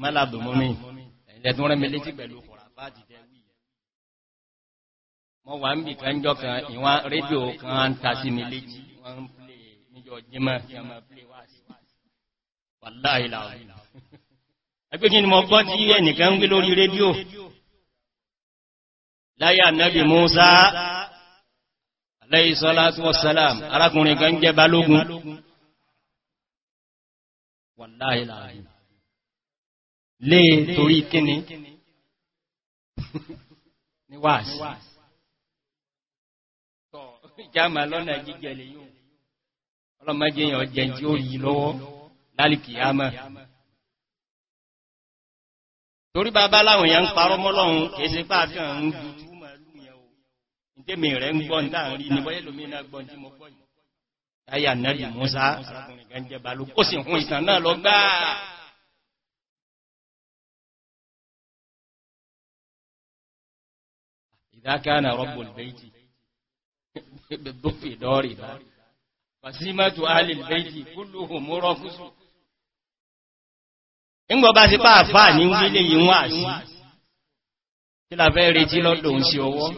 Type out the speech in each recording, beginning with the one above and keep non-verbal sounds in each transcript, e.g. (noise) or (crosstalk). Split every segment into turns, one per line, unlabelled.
mọ́làbùmọ́mí ẹ̀lẹ́tún rẹ̀ mẹ́lẹ́tí pẹ̀lú mọ́ wà ń bì kan jọ kan ìwọ̀n rédíò kan ń ta sí ní léjì wọ́n ń plé níjọ jímọ̀ jẹmọ̀ plé wá ni mọ́ gbọ́ tí ẹnìkan ń gbé lórí rédíò
láyà náàbì Mùsá alayhi salatu wassalam arákùnrin kan jẹ́ balógun wà láìlà lé torí kíni (laughs)
ní wáàsí tọ́ ìjámà lọ́nà jíjẹ lè yóò ọlọ́mọdé yàn jẹ tí ó yìí lọ́wọ́ lálìkì àmà
torí bàbá láwọn èèyàn ń parọ́ mọ́lọ́run kìí sí pàákàn ń
dúdú màálù yẹn o
ìdẹ́mì rẹ̀ ń gbọ́n dáàrin
ìdákánà rọ́bùl
bẹ́ẹ̀tì bẹ́ẹ̀bẹ́ dọ́rì náà fàṣímẹ́tù alìl bẹ́ẹ̀tì kúlùhù múrọ́ fúsù ìgbọ̀bá sí pàáfà ní wílé ìwọ̀n àṣí kí la
fẹ́ retí lọ́dọ̀ ń ṣe ọwọ́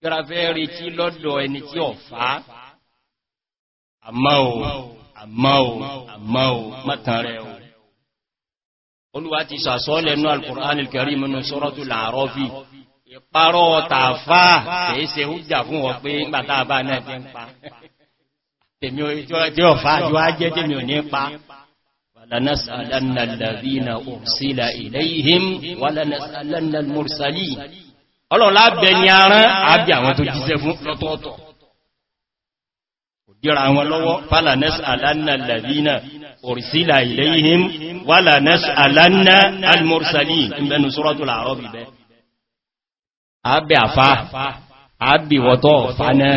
kí la fẹ́ retí lọ́dọ̀ ẹni tí ọ̀fá
àmọ́ ò àmọ́
olúwa ti sàsọ́ lẹ́nu alkùnrin alìkẹrí mọ́nà sọ́rọ́tù làárọ́ fìí parọ́ tààfà kìí ṣe hújà fún wọn pé gbàtà bá náà fi ń pa tèmi tí ó fà jù á jẹ́ tèmi ò ní pa wàlánàsàlánàlàbínà òsìlà ìlẹ́yìn wàlánàsàlánàlmùrsàlì ọlọ́lá bẹ ni arán àbí àwọn tó jíṣẹ́ fún lọ́tọ̀ọ̀tọ̀ dira wọn lọ́wọ́ àábẹ̀ àfá àábìwọ̀tọ̀ fánà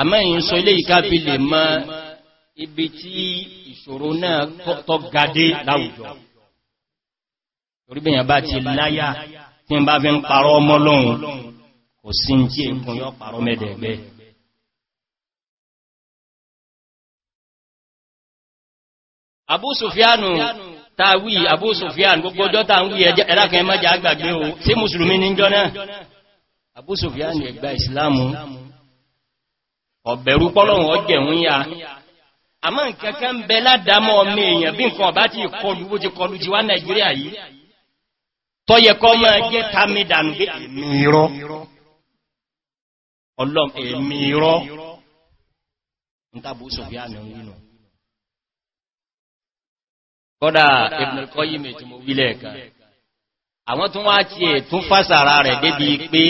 àmọ́ ìyìn sọ ilé ìkábi lè mọ ibi tí ìṣòro náà tọ́ gádé láwùjọ orígbìyàn bá ti láyá tí ń bá fi ń parọ́ ọmọ lọ́hun
kò sí tí èkùn yọ parọ́ mẹ́dẹ̀ẹ̀gbẹ́ Abu Sufyanu táwí Abu Sufyan gbogbo ọjọ́ tàà ń wí ẹlákan ẹmọ́jà àgbàgbé o sí mùsùlùmí ní jọ náà
Abu Sufyan ní ẹgbà ìsìláàmù ọ̀bẹ̀rú pọ́lọ̀wọ̀n ọjẹ̀hún ya àmọ́ nkẹ́kẹ́ ń bẹ ládámọ́ ọmọ èèyàn bí nǹkan ọ̀bá ti kọlu bó ti kọlu jíwá Nàìjíríà yìí tọ́yẹ kọ́ máa jẹ́ tami dànù pé èmi irọ́ ọlọ́m èmi irọ́ ń tàbí Sufyan nínú kọ́dà Ibn al-Qayyim tí mo wílẹ̀ kan àwọn tún wá tí è tún fásàrà rẹ̀ débi pé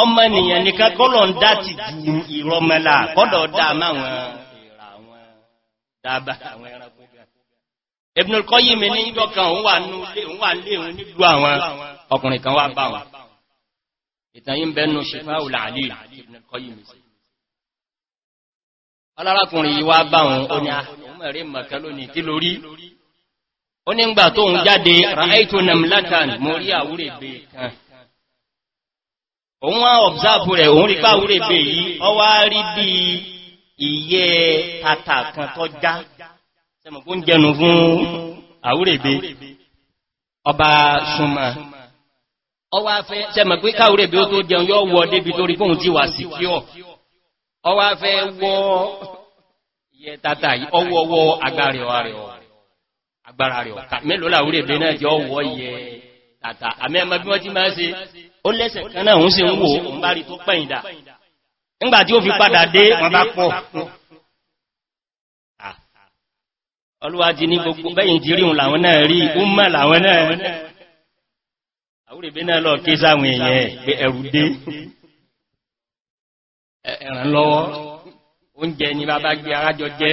ọmọ ènìyàn nìkan kọ́lọ̀ ń dá ti ju ìrọmọlá kọ́dọ̀ dá máwọn dábà àwọn ẹranko Ibn al-Qayyim ní ń bẹnu Shifa'ul Alil Ibn al-Qayyim sí alárakùnrin ó ní àwọn ah, mẹ́rin mọ̀kẹ́ lónìí kí lórí ó ní ìgbà tó ń jáde ra'aitu namlatan mori àwúrẹ̀bẹ̀ kan òun wá ọ̀bzáàbù rẹ̀ òun rí pàwúrẹ̀bẹ̀ yìí ọ wá rí bí iye tata kan tó já sẹmọ̀kú ń jẹnu fún àwúrẹ̀bẹ̀ ọba súnmọ̀ ọ wá fẹ́ sẹmọ̀kú káwúrẹ̀bẹ̀ ó tó jẹun yọ wọ débi torí kóhun ti wà sí kí ọ ọ wá fẹ́ wọ iye tata yìí ọwọ́wọ́ agbárẹ̀ wa agbára rẹ̀ ọ̀ká mélòó làwúrẹ̀ bẹ náà jẹ́ ọwọ́ yẹ tàtà àmì ẹmọ bí wọ́n ti máa ṣe ó lẹ́sẹ̀ kan náà ń se ń wò ń bá rí tó pẹ̀yìndà nígbà tí ó fi padà dé wọn bá pọ̀ ọlúwájí ní gbogbo bẹ́yìn ti ríhun làwọn náà rí umar làwọn náà àwúrẹ̀ bẹ náà lọ ké sáwọn èèyàn pé ẹrù dé ẹ̀ràn lọ́wọ́ oúnjẹ ni bàbá gbé arájọ jẹ́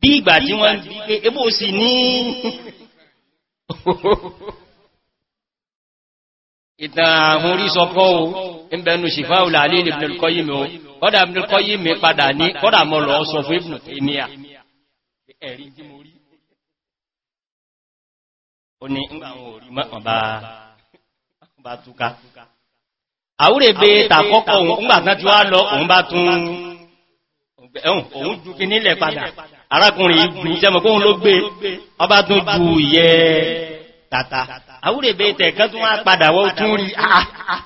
bí ìgbà tí wọ́n bí
pé ebó sì ní
ìtàn àhún rí sọkọ́ o ń bẹnu ṣìfá òlà alẹ́ ibn al-qayyim o kọ́dà ibn al-qayyim padà ní kọ́dà mọ́ lọ sọ fún ibn tèmíà ẹ̀rí tí mo rí ó ní àwọn òrí mọ́ bá túká arákùnrin ìgbù jẹmọ̀kún ló gbé ọba tún ju ìyẹ tàtà àwúrẹ̀ bẹ́ tẹ̀kẹ́ tún wá padà wọ́n tún rí ah, ah, ah.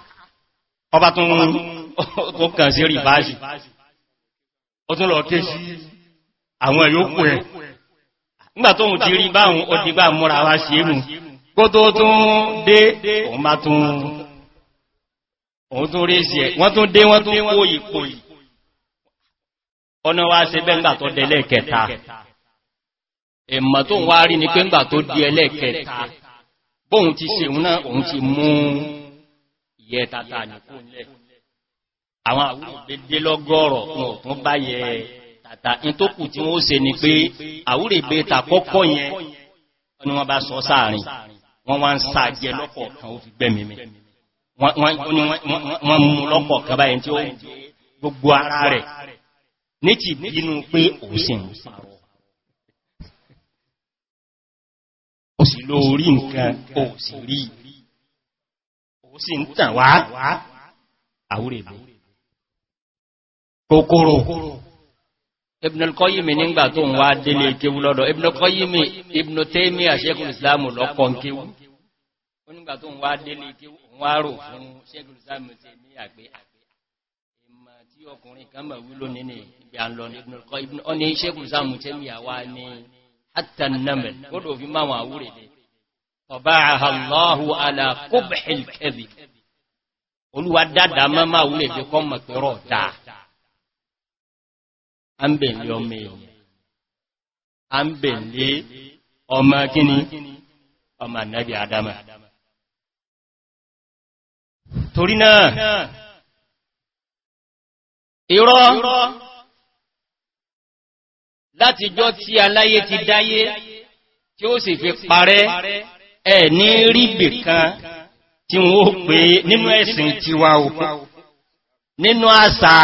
ọba tún kàn sí rí báyìí ó tún lọ ké sí àwọn yòókù ẹ̀ nígbà tó ń ti rí báhùn ọdígbà múra wá sí èmù kó tó tún dé òun bá tún rí sí ẹ̀ wọ́n tún dé wọ́n tún kó ìpò ọ̀nà wá ṣe bẹ́ngbà tó dé lẹ́ẹ̀kẹta ẹ̀mọ̀ tó ń wá rí ní pẹ́ngbà tó dí ẹlẹ́ẹ̀kẹta bóhun ti ṣeun náà òun ti mú ìyẹ tata nìkó lẹ̀ àwọn àwúrò dédé lọ́gọ́rọ̀ wọn ò tún báyẹ tata in tó kù tí wọ́n ṣe ni pé àwúrò ìgbé takọ́kọ́ yẹn ni wọ́n bá sọ sáàrin wọ́n wá ń sáàjẹ lọ́pọ̀ kan ó fi gbẹ̀mìmì wọ́n mú lọ́pọ̀ kan báyẹn tí ó gbogbo ara rẹ̀ ní ti bínú pé òsìn
òsì ló rí nǹkan òsì rí òsì ń tàn wá àwúrẹ̀ bí kòkòrò
ibnulkoyimi nígbà tó ń wá délé kéwú lọ́dọ̀ ibnulkoyimi ibnutemi àṣẹ́kùn islamu lọ́kọ̀ kéwú onígbà tó ń wá délé kéwú wá rò fún ṣẹ́kùn ọkùnrin kan mọ̀ wí lónìí níbi à ń lọ ní ibùn ọkọ̀ ibùn ọ ní iṣẹ́ kùn sáàmù tẹ́ mi àwá ní àtànàmẹ̀ ó dò fi máwọn àwúrẹ̀ dẹ̀ ọba àhàláhù alákóbẹ̀ẹ́lẹ̀kẹ́bì olúwa dáadáa má máa wúlẹ̀ fi kọ́ mọ̀
adama torí náà irọ́ látijọ́ tí aláyé ti dáyé tí ó sì fi parẹ́ ẹ̀
ní rígbè kan tí wọ́n pè nínú ẹ̀sìn tiwa o nínú àṣà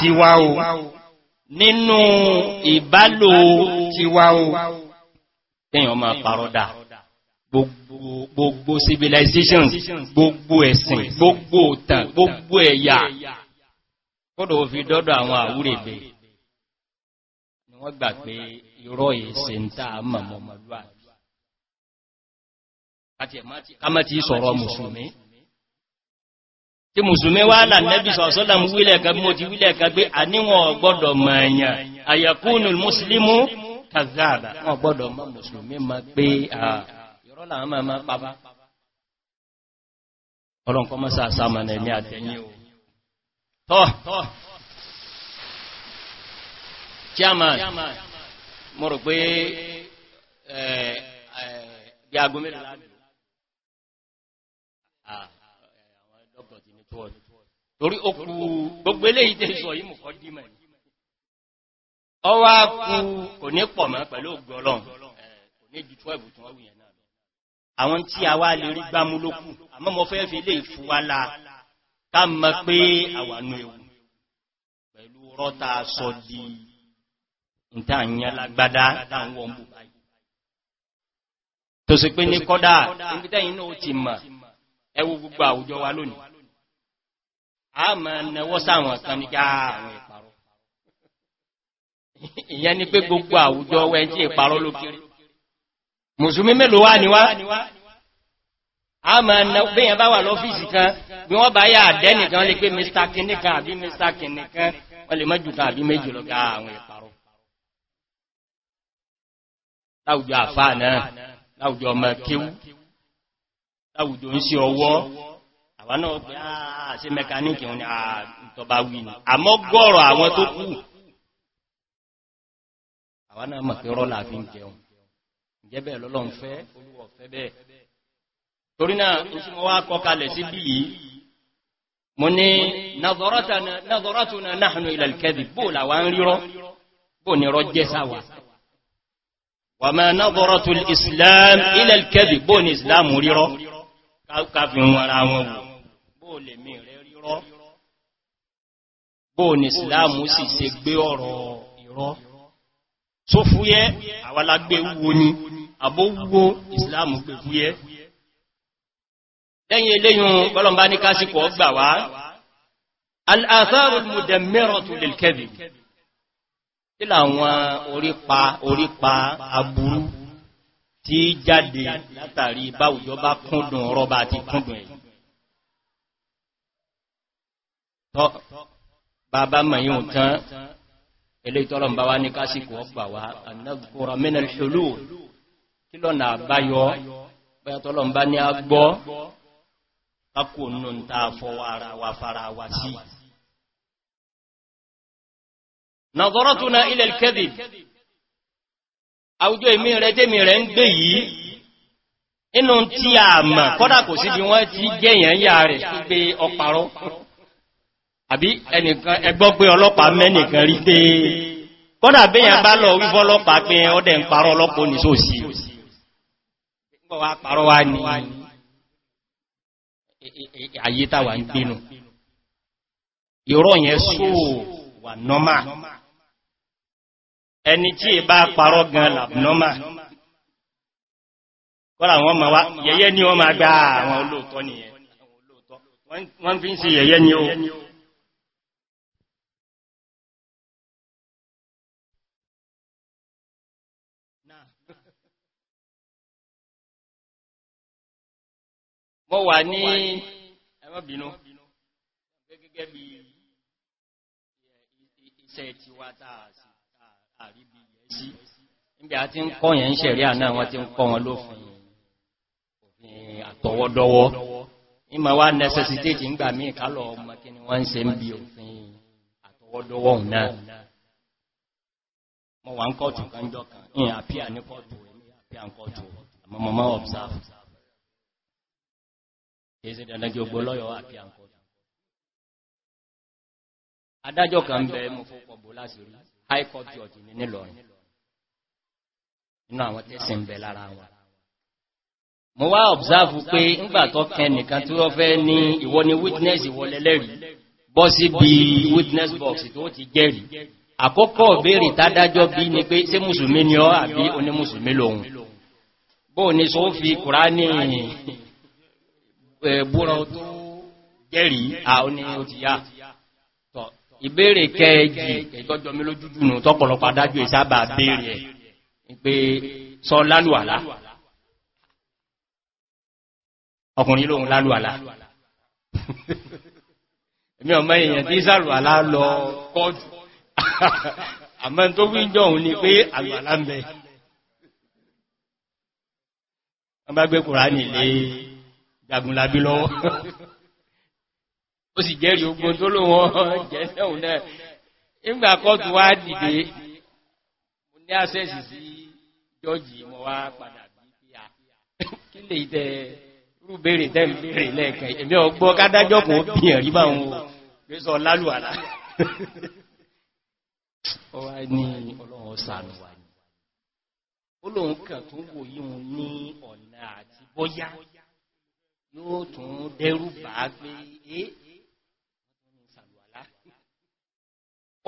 tiwa o nínú ìbálò tiwa o èyàn máa parọ́dà gbogbo civilizations gbogbo ẹ̀sìn gbogbo òtàn gbogbo ẹ̀yà
kọ́dọ̀ fi dọ́dọ̀ àwọn àwúrẹ̀bẹ̀ẹ́
wọ́n gbà pé irọ́ ìṣe ń tàà mọ̀mọ̀ mọ̀lúwà
kama ti sọ̀rọ̀ musulmi
tí musulmi wá là nẹ́bí sọ̀sọ́lá mú wílẹ̀ kan mú ti wílẹ̀ kan gbé àníwọ̀n gbọ́dọ̀ mọ̀ọ̀yà àyàkúnù musulmi kàzáàbà wọ́n gbọ́dọ̀ mọ́ musulmi ma pé ìrọ́lá àmà ma pàbá ọlọ́nkọ́ mọ́sá sámanẹ̀ ní àtẹ́yìn chairman mo rò pé bí aago mẹ́rin láàrín ah, àwọn dọ́gbọ̀n ti ní tọ́ọ̀lù
torí okù gbogbo eléyìí tẹ́ sọ
yìí mú kọ́ dímẹ̀
ọwá kú kò ní pọ̀ mọ́ pẹ̀lú ògbọ́ ọlọ́run
kò ní ju 12 tó wùyẹn náà àwọn tí a wá lè rí gbámú lókù àmọ́ mo fẹ́ fi lè fúwálá ká mọ̀ pé àwànú ewu pẹ̀lú rọ́ta sọ di ìta àyàn lágbádá táwọn ọmọ báyìí tó sì pé ní kọ́dá ìpítẹ́yìn náà ti mọ̀ ẹwú gbogbo àwùjọ wa lónìí a mọ̀ nẹwọ́ sáwọn kan ní káàrùn ìparọ́ ìyẹn ni pé gbogbo àwùjọ wẹ́n tí ìparọ́ a mọ̀ nẹwọ́ bá wà lọ́fíìsì kan bí wọ́n bá yà àdẹ́nìkan lè pé mr kìnnìkan àbí mr kìnnìkan wọ́n lè mọ́jù kan àbí méjì lọ́gá àwọn ìparọ́ láwùjọ àfáà náà láwùjọ ọmọ kíwú láwùjọ ń sí ọwọ́ àwọn náà pé àà ah, sí mẹkaníkì wọn ni àtọba ah, wí ní àmọ́ gọ́ọ̀rọ̀ àwọn tó kú àwọn náà mọ̀ pé rọ́là fi ń jẹun ìjẹ́bẹ̀ lọ́lọ́n fẹ́ olúwọ̀ fẹ́ bẹ́ẹ̀ torí náà ó sì mọ́ wá kọkalẹ̀ sí bí yìí mo ní nàzọ́rọ́tùnà náà nahnu ilal kadhib bóòlà wá ń rírọ́ bóò ní rọ́ jẹ́ sáwà wà máa náàbọ̀rọ̀ tó islam ilẹ̀ kẹ́bì bó ní islam rírọ́ káfin wara wọn wò bó lè mí rẹ rírọ́ bó ní islam sì se gbé ọ̀rọ̀ ìrọ́ tó fúyẹ́ àwàlágbé wúwo ni àbówúwo islam gbé fúyẹ́ lẹ́yìn eléyìn bọ́lọ̀mbá ní kásìkò ọgbà wá al-atharu al-mudammira lil kadhib tí làwọn orípa orípa aburú tí jáde látàrí báwùjọ bá kúndùn rọ́bà ti kúndùn ẹ̀ tọ́ bàbá mayún tán ilé ìtọ́lọ̀ bá wá ní kásìkò ọgbà wá annáàkùnrà mẹ́nàlì ṣolú kí lọ́nà àbáyọ bẹ́yàtọ́lọ̀ bá ní agbọ́ akùnnù ta fọwọ́ ara wa fara wa sí
nàzọ́rọ́túnà ilẹ̀ kẹ́dì àwùjọ èmì rẹ̀ tẹ́mì rẹ̀ ń gbé yìí inú tí a mọ̀ kọ́dà kò sí bí wọ́n ti gẹ̀yàn yà rẹ̀ tó gbé
ọparọ́ àbí ẹnìkan ẹgbọ́ pé ọlọ́pàá mẹ́nìkan rí pé kọ́dà bẹ́yàn bá lọ wífọ́ ọlọ́pàá yẹn
sóò wà nọ́mà
ẹni tí ì bá parọ́ gan làbùnọ́mà kọ́lá wọn ma wá yẹyẹ ni wọ́n ma gbá àwọn
olóòtọ́ nìyẹn wọ́n fi ń sí yẹyẹ ni ó mọ́ wà ní ẹmọ́bìnú gẹ́gẹ́ bí
iṣẹ́ tí wá tààsì àríbí yẹ̀ sí níbi àti ń kọ́ yẹn ń ṣẹ̀rí àná wọ́n ti ń kọ́ wọn lófin àtọwọ́dọ́wọ́ ìmọ̀ wá necessitate ńgbà mí ìkálọ̀ ọmọ kí ni wọ́n ń ṣe ń bí òfin àtọwọ́dọ́wọ́ náà mọ́ wà ń kọ́tù kanjọ́ kan in àpíà ní kọ́tù àpíà ń kọ́tù àmọ́mọ́mọ́ observe
kìí sí dandan kí high court judge ní nílọrin nínú àwọn tẹ́sí ń bẹ lára wọn mo wá observe pé
ńgbàtọ́ kẹ nìkan tí wọ́n fẹ́ ní ìwọ ni witness ìwọlẹ́lẹ́rì bọ́ sí bí witness box tó ti jẹ́rì àkọ́kọ́ béèrè tádájọ́ bí ni pé ṣé mùsùlùmí ni ọ́ àbí oní mùsùlùmí lòun bóò ni só fi kùránì eh, búra tó jẹ́rì àwọn oní ó ti yá ìbéèrè kẹẹ̀jì ìtọ́jọ mi lójújùnù tọ́pọ̀lọpọ̀ adájú ìsábà béèrè ẹ̀ pé sọ lálùwàlá ọkùnrin lóhun lálùwàlá èmi ọmọ èèyàn tí sàlùwàlá lọ kọ́jù àmọ́ tó wí jọ òun ni pé àlùwàlá ń bẹ wọ́n bá gbé kùránì lé lọ́wọ́ ó sì jẹ́rì ogun tó ló wọ́n jẹ́ sẹ́hùn náà nígbà kọ́tù wá dìde mo ní àṣẹ́sì sí jọ́jì mọ́ wá padà bí i ah, kí lè tẹ́ rúbèrè tẹ́ bèèrè lẹ́ẹ̀kẹ́ èmi ọgbọ́ kádájọ́ kò bí ẹ̀rí bá wọn gbésọ lálùwàlá yóò tún dẹ́rù bàá gbé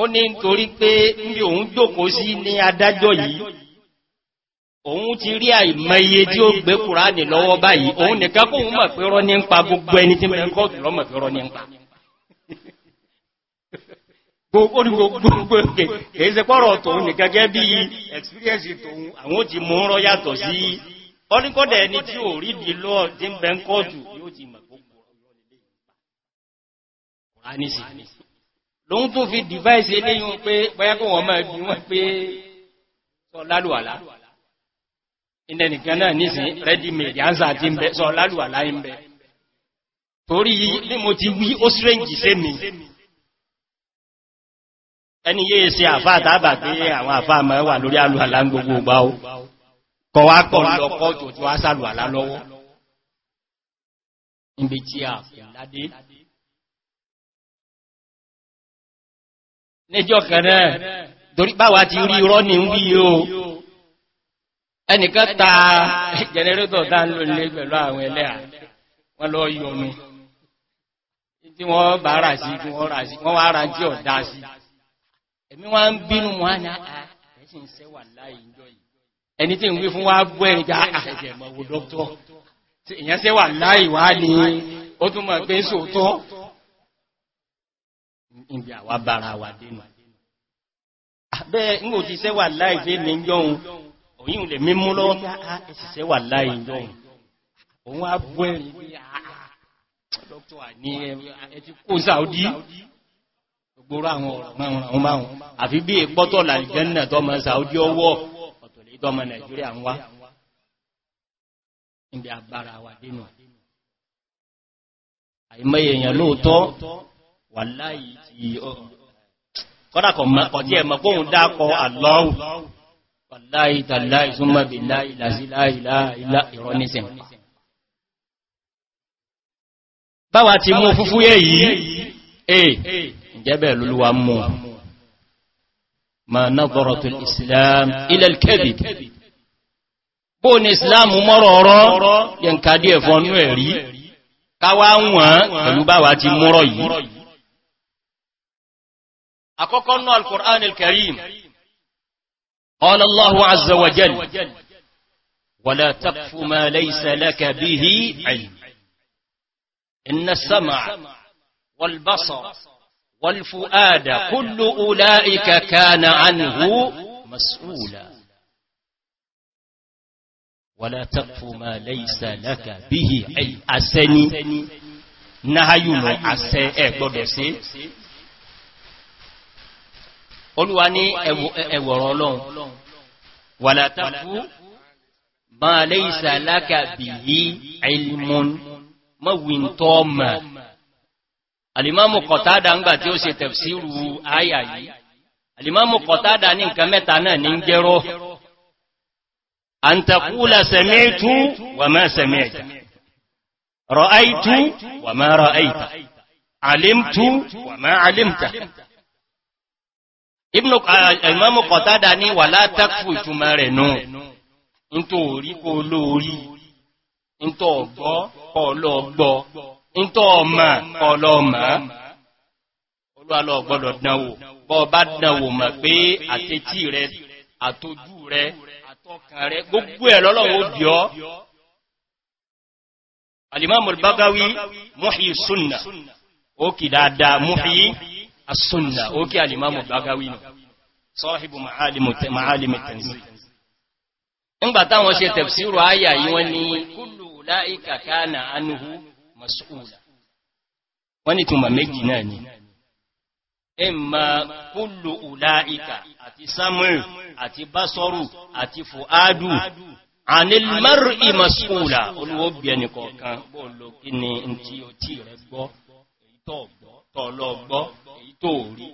ó ní nítorí pé níbi òun jòkó sí ní adájọ́ yìí òun ti rí àìmọye tí ó gbé kùránì lọ́wọ́ báyìí òun nìkan kóhun mọ̀ pé rọ́ ní ń pa gbogbo ẹni tí ẹni tí rí di tí ń gbogbo ọ̀rọ̀ lóun tó fi device eléyìn pé bọ́yákùn wọ́n máa bí wọ́n pé sọ lálùwàlá ìdẹnìkan náà nísìn ready made answer ti ń bẹ sọ lálùwàlá ń bẹ torí ní mo ti wí ó strange sé mi ẹni yé ṣe àfá àtàbà pé àwọn àfá máa wà lórí alùwàlá ń gbogbo ọgbà ó
kọ wá kọ̀ lọ́kọ́ jòjò á sàlùwàlá lọ́wọ́ níbi tí a fẹ́ níjọ́ kan torí báwa ti rí ní wí o ẹnìkan ta
jẹnẹrétọ̀ dá ń lò lé pẹ̀lú àwọn ẹlẹ́à
wọ́n lọ yọnu tí wọ́n bá rà sí wọn ní àà
ah, ah, sẹ́wà láì ìjọ yìí
ẹni tí ń wí fún
ah, wá gbọ́ ẹ̀rìn já àṣẹ̀jẹ̀ mọ̀wó dọ́kítọ̀ èèyàn sẹ́wà láì wá ní ó túnmọ̀ pé ìbí àwà bára wà dénú àbẹ́ ìwò ti sẹ́wà láì fẹ́ mi yọ́un òyìn lè mímú lọ́wọ́ kí á ẹ̀sì sẹ́wà láì yọ́un òun á bú ẹ̀rin bí ah, dókítà ní ẹ̀tí kó sáúdí gbogbo àwọn ọ̀rọ̀ márùn-ún àfi bí ìpọ́tọ̀ làìjẹ́nà tọ́mọ sáúdí ọwọ́ ọ̀tọ̀lẹ́ wà láì ti ọ̀rùn kọ́dàkọ̀ mọ́kànjí ẹ̀mọ́ kóhun dákọ̀ àlọ́wù wà láì tàláì súnmọ́ bí láì lásí láì láì ìrọ́nísìn báwa ti mú fúfúyé yìí eh ìjẹ́bẹ̀ lólúwa mú ma nazaratul islam ila al-kadhib bo islam moro oro yen akoko القرآن الكريم قال الله عز وجل ولا تقف ما ليس لك به علم إن السمع والبصر والفؤاد كل أولئك كان عنه مسؤولا ولا تقف ما ليس لك به علم أسني نهيون أسني إيه، أقول olúwa ní ẹwọ̀rọ̀ ọlọ́run wà látàkú bá alẹ́ ìsàlákà bí i ilmun mọ́wìntọ́ mọ̀ alìmọ́mù kọ̀tádà ń gbà tí ó se tẹ̀fsíru ayà yìí alìmọ́mù kọ̀tádà ní nǹkan mẹ́ta náà ní jẹ́rọ àǹtàkúlà sẹ̀mẹ́tú alimtu wà mẹ́ alimta ibnu uh, imamu kọtada ní wà látàkù ìtumọ̀ rẹ̀ nù ń tó orí kó lóorí ń tó ọgbọ́ ọlọ́ọgbọ́ ń tó ọmọ ọlọ́ọmọ olúwalọ́ọ̀gbọ́dọ̀ dánwò bọ́ bá dánwò mọ̀ pé àtẹ́tí rẹ àtójú rẹ àtọ́kàn rẹ gbogbo ẹ̀ muhi sunna ó kì muhi asúnnà ókè alìmámù bagawi nù sọ́hìbù ma'álìmù tanzil ńgbà táwọn ṣe tafsiru ayà yí wọ́n ni kullu ulaika kana anhu mas'ula wọ́n ni túnmà méjì náà ni ẹmà kullu ulaika àti samuel àti basoru àti fuadu anil mar'i mas'ula olúwọ́ bí ẹni kọ̀ọ̀kan bọ́ọ̀lọ́ kí ni tí ó tí rẹ̀ gbọ́ tó rí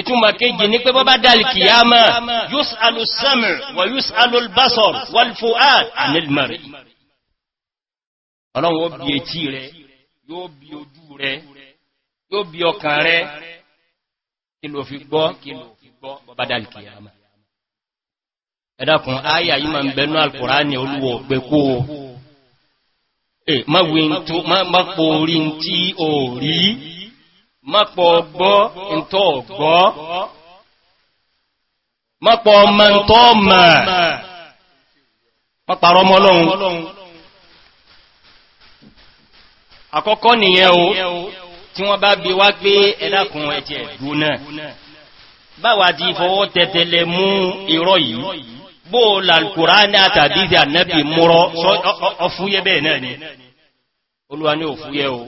ìtumọ̀ kéjì ní pé bọ́bá dal kìyàmá yus alussamir wa yus alulbasor walfuad anilmari ọlọ́run ó bí etí rẹ yóò bí ojú rẹ yóò bí ọkàn rẹ kí ló fi gbọ́ kí ló fi gbọ́ bọ́bá dal kìyàmá ẹ̀dàkùn ayà yìí ma ń bẹ̀nú alkùránì olúwọ̀ pẹ̀kó ma wí ma pòrí tí ò rí mọ́pọ̀ ọgbọ́ ìntọ́ ọgbọ́ mọ́pọ̀ ọmọ ìntọ́ ọmọ mọ́pàrọ ọmọ ọlọ́run àkọ́kọ́ nìyẹn o tí wọ́n bá bí wá pé ẹ̀dàkùn ẹ̀jẹ̀ gbóná báwà di fọwọ́ tẹ̀tẹ̀lẹ̀ mú ìrọ́ yìí bó làlùkùránì àtàdíjà nẹ́bì múrọ́ ọfúyẹ́ bẹ́ẹ̀ náà ni olúwa ní òfúyẹ́ o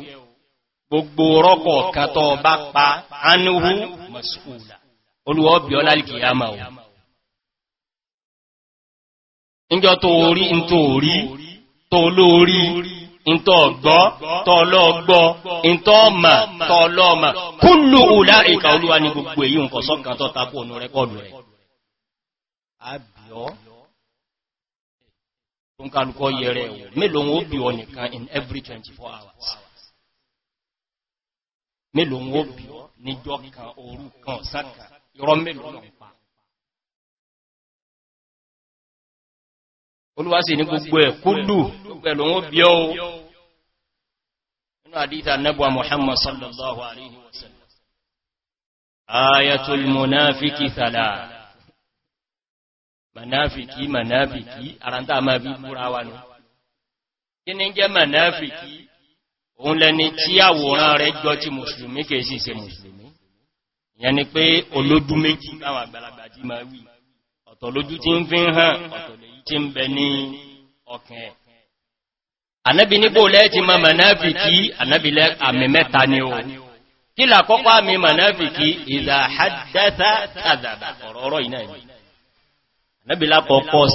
gbogbo rọ́kọ̀
kàtọ̀ bá pa anúhú
masúúlà
olúwọ́ bí ọlá ìkìyàmà ò níjọ́ tó orí ń orí tó lórí ń ọgbọ́ tó ọlọ́ọgbọ́ ń tó tó
ọlọ́ọmọ kúlù òlá ìkà olúwa ní gbogbo èyí nǹkan
mélòó wó bí níjọ́ kan òru kan ọ̀sáka irọ́ mélòó lọ pa olúwásí ní gbogbo ẹ̀ kúlù pẹ̀lú wó bí ó inú àdíta nẹ́bùwa Muhammad sallallahu
alaihi wasallam
ayatul munafiki thala
manafiki manafiki aranta ma bi búra wa nù kí ni jẹ́ manafiki òun lẹni tí àwòrán rẹ̀ jọ ti mùsùlùmí kèé sì ṣe mùsùlùmí ìyẹn ni pé olójú méjì láwọn àgbàlagbà tí ma wí ọ̀tọ̀ lójú tí ń fi ń hàn ọ̀tọ̀ lèyí tí ń bẹ ní ọkàn ẹ̀ ànábi níbò lẹ́ẹ̀tí ma mọ̀náfìkì ànábi àmì mẹ́ta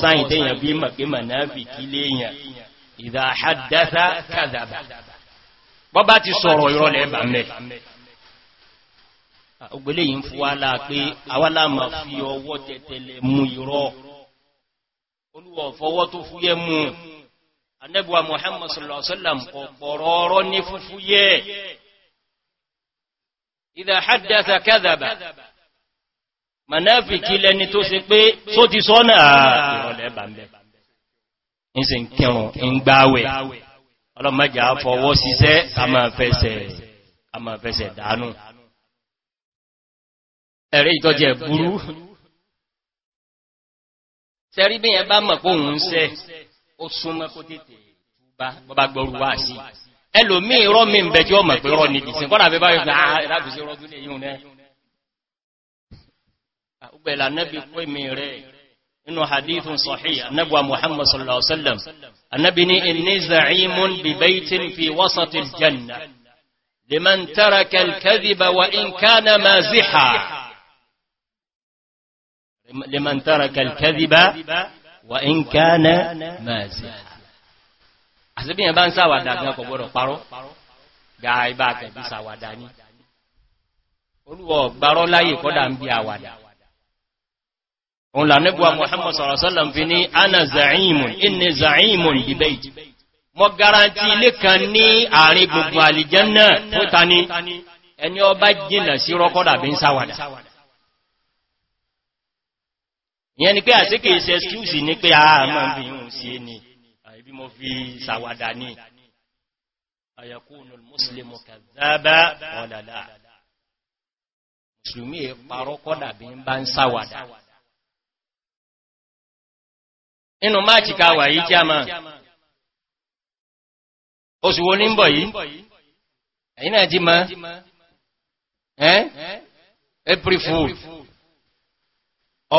sáyìn tẹ́yàn bí mọ̀kí mọ̀náfìkì léèyàn ìzàhádẹ́ta kàzàbà bọ́bá ti sọ̀rọ̀ ìrọ̀lẹ̀ ẹ̀bà mẹ́ ògbélé ah, yìí ń fún wa láà pé awálà ma fi ọwọ́ tẹ̀tẹ̀lẹ̀ mú ìrọ̀ olúwọ̀ fọwọ́ tó fúyẹ́ mú anẹ́bùwa mohamed sallallahu alaihi wasallam ọ̀pọ̀rọ̀ ọ̀rọ̀ ní fúfúyẹ́ ọlọ́mọjà fọwọ́ síṣẹ́ kàmà fẹsẹ̀
dánú ẹ̀rẹ́ ìtọ́jẹ̀ burú tẹ́rí bí yẹn bá mọ̀ kó ń sẹ́ ó súnmọ́ kó tètè
bọ́bá gbọ́rù wá sí ẹlòmí rọ́ mi ń bẹ̀jọ́ mọ̀ pé rọ́ nìdí sí kọ́nà bẹ́bá yóò إنه حديث صحيح النبوة محمد صلى الله عليه وسلم النبي إني زعيم ببيت في وسط الجنة لمن ترك الكذب وإن كان مازحا لمن ترك الكذب وإن كان مازحا àṣíbí yẹn bá ń sáwàdà gan kò gbọ́dọ̀ parọ́ ga ibá àkẹ́bí sáwàdà ní olúwọ̀ gbárọ́ láyè kọ́dà òun là nígbà Muhammad sallallahu alaihi wasallam fi ní ana za'imun inni za'imun bibait mo garanti ilé kan ní àárín gbogbo àlìjẹ́nà tó ta ní ẹni ọba jìnà sí rọ́kọ́dà bí ń sáwàdà
ìyẹn ni pé àsíkè iṣẹ́ skúùsì ní pé ah, àmà bí i sí
ni àìbí mo fi sàwàdà ní ayakunul mùsùlùmí
parọ́kọ́dà bí ń bá ń sáwàdà
inú máàkì káwà yìí chairman
oṣù wo ní ń bọ̀ yìí ẹ̀yìn náà jí máa april fool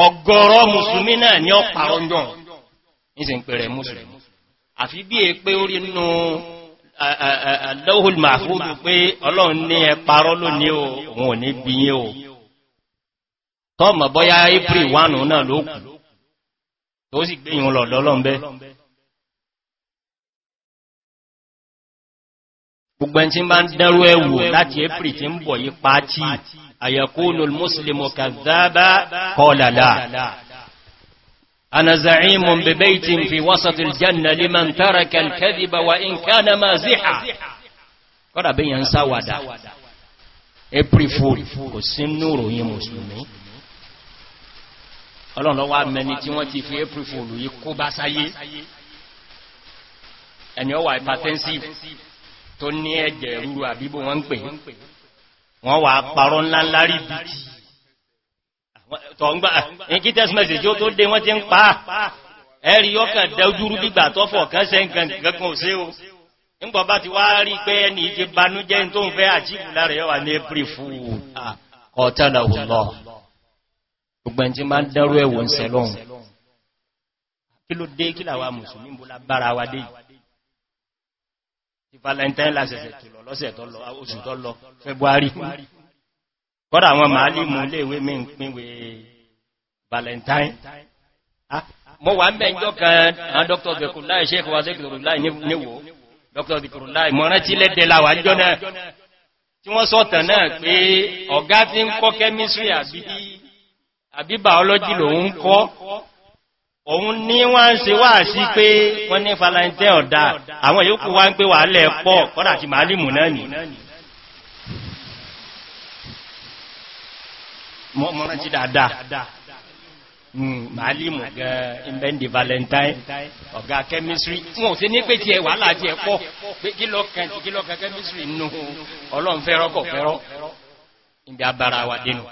ọ̀gọ̀rọ̀
musulmi náà ní ọ̀pá ọjọ́ ní sì ń àfi bí è pé orí ní ẹ parọ́ o òun ò ní bí o bọ́yá april 1 náà
tó sì gbé ìhun lọ̀lọ́lọ́n bẹ́ gbogbo ẹn tí bá ń dẹ́rú ẹwù láti april tí ń
bọ̀ yí pàtí àyẹ̀kónù mùsùlùmù kàzábá kọlàlá anazari mun bebe iti fi wasatul janna liman tara kalkadiba wa in kana ma ziha kọ́dà sáwàdà april fool kò sí nínú ìròyìn mùsùlùmí ọlọ́run lọ́wọ́ amẹni tí wọ́n ti fi april fòlù yí kó bá sáyé ẹni ọwà hypertensive tó ní ẹ̀jẹ̀ rúrú àbíbò wọ́n ń pè wọ́n wà parọ́ ńlá lárí bí i tọ̀ǹgbà ní kí test message ó tó dé wọ́n ti ń pa ẹ̀rí ọkàn dẹjúrú gbígbà tọ́fọ̀ kan sẹ́ nǹkan ṣe o nígbà bá ti wá rí pé ẹni ìjẹbanújẹ́ tó ń fẹ́ àjíkù lára ẹwà ní april fòlù
ọ̀tẹ́lẹ̀ òun lọ́ọ̀
ọgbọ̀n tí máa ń dẹ́rú ẹ̀wọ̀ ń sẹ́lọ́un kí ló dé kí làwà mùsùlùmí bó lágbára wa dé ti valentine lásẹ̀sẹ̀ tó lọ lọ́sẹ̀ tó lọ oṣù tó lọ february
kọ́dà àwọn màálì
mú léèwé mi ń pínwé valentine ah, mọ́ wà ń bẹ́ ìjọ kan àwọn dr zekulai sheik wa zekulai níwò dr zekulai mọ̀rántí lẹ́dẹ̀ làwà ń jọ náà tí wọ́n sọ̀tàn náà pé ọ̀gá ti àbí biology lòun kọ́ òun ní wọ́n ń se wá sí pé wọ́n ní falantẹ́ ọ̀dá àwọn yòókù wá ń pé wà lẹ́ pọ̀ kọ́dà ti màálìmù náà nì hmm, màálìmù gan valentine ọ̀gá chemistry wọn ò sí ní pé tí ẹ wàhálà tí ẹ pé kílọ̀ kan ti kílọ̀ chemistry nù ọlọ́run fẹ́rọ́ kọ̀ fẹ́rọ́ ibi abara wa dénú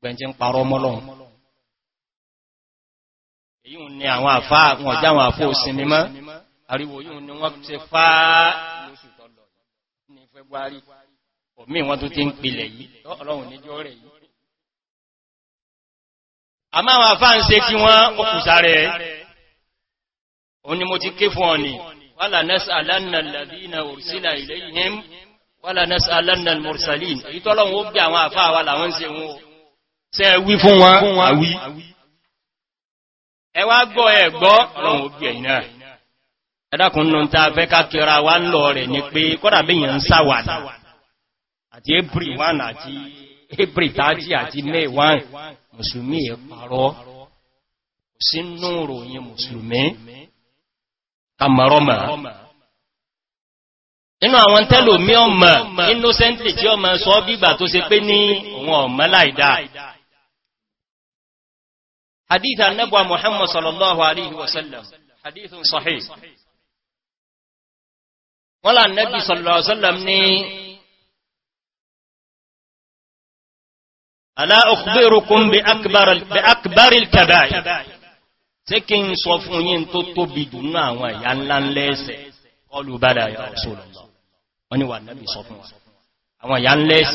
gbẹ̀ntí ń parọ́ mọ́lọ́un èyí ni àwọn àfá àwọn ọjá àwọn àfó òsinmi mọ́
àríwò yíò ni wọ́n ti fá
lóṣù tọ́lọ̀ ní february omi wọ́n tó ti ń pilẹ̀ yìí ọlọ́run níjọ́ rẹ̀ yìí
àmá àwọn àfá ń se kí wọ́n ó gbé àwọn
ṣe wí fún wọn àwí ẹ wá gbọ́ ẹ gbọ́ ọ̀rọ̀n òbí ẹ̀yìn náà ẹ̀dàkùn nù ta fẹ́ kákẹra wá ń lọ rẹ̀ ní pé kọ́dà bí yẹn ń sáwàdà àti april 1 àti april 30 àti may 1 musulmi ẹ̀ parọ́ sínú ròyìn musulmi kamarọ́mà inú àwọn tẹ́lò mí ọmọ innocently tí ọmọ sọ bígbà tó se pé ní òun ọmọ láìdáa
حديث النبوة محمد صلى الله عليه وسلم حديث صحيح ولا النبي صلى الله عليه وسلم ني ألا أخبركم بأكبر, بأكبر الكبائر سكين صفونين تطبي دنا ويانلان
ليس قالوا بلى يا رسول الله ونوى النبي صفونين أما ليس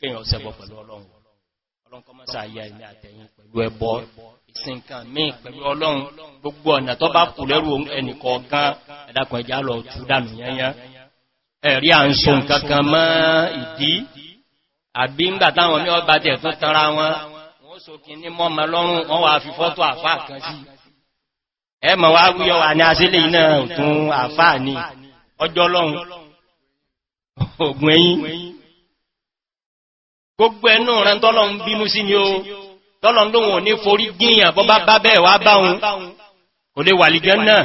kéyàn ṣẹbọ pẹ̀lú ọlọ́run ọlọ́run kọ́ mọ́sá ayé ẹ̀mí àtẹ̀yìn pẹ̀lú ẹbọ ìsìnkan míì pẹ̀lú ọlọ́run gbogbo ọ̀nà tó bá kù lẹ́rù ẹnìkọ̀ọ̀kan ẹ̀dàkùn ẹja lọ tú dànù yẹnyẹn ẹ̀rí à ń so nǹkan kan mọ́ ìdí àbí ńgbà táwọn ní ọba tẹ̀ tó tanra wọn wọ́n so kí ní mọ́mọ lọ́rùn wọ́n wà fi fọ́tò àfáà kan sí ẹ mọ̀ wá wúyọ wà ní asílẹ̀ iná òtún àfáà ní ọjọ́ gbogbo ẹnu rẹ̀ tọ́lọ̀ ń bínú sí ni ó tọ́lọ̀ ń lóhun ní forí gíyàn bọ́ bá bá bẹ́ẹ̀ wá bá wọn kò lè wàlìjẹ́ náà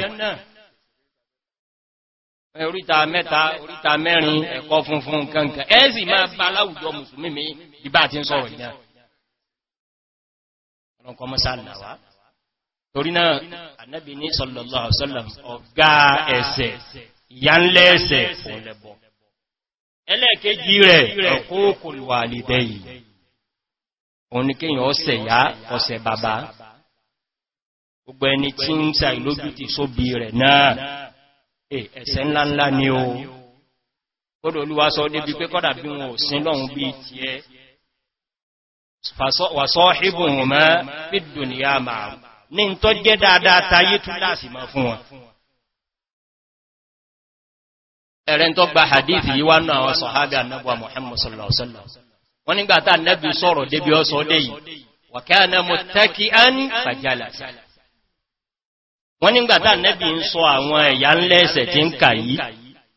oríta mẹ́ta oríta mẹ́rin ẹ̀kọ́ funfun kankan ẹ́sì máa bá aláwùjọ mùsùlùmí mi ìbá ti ń sọ̀rọ̀ ìdá ọlọ́nkọ́ mọ́sánàwá torí náà anẹ́bì ní sọ̀lọ̀lọ́ ẹlẹ́ẹ̀kejì rẹ̀ ọkọ̀ wà lìdẹ̀ yìí òun kíyàn ọ̀sẹ̀ yá ọ̀sẹ̀ bàbá gbogbo ẹni tí ń sa ìlójú ti sóbi rẹ̀ náà ẹ̀ẹ̀sẹ̀ ni o kódò olúwa sọ níbi pé kọ́dà bí wọn ò sin lọ́hun bí ti ẹ wàsọ́ ìbùn mọ́ bí dùnìyà dáadáa tayé túláàsì mọ́ fún wọn ẹ̀rẹ́ tó gba hadith yí wánú àwọn sọ̀hábí annabuwa muhammad sallallahu alaihi wasallam wọ́n nígbàtà annabi sọ̀rọ̀ débi ọsọ̀ dé yìí wàkánà mọ̀tẹ́kì án fàjálà wọ́n nígbàtà annabi ń sọ àwọn ẹ̀yà ńlẹ́ẹ̀sẹ̀ tí ń kà yìí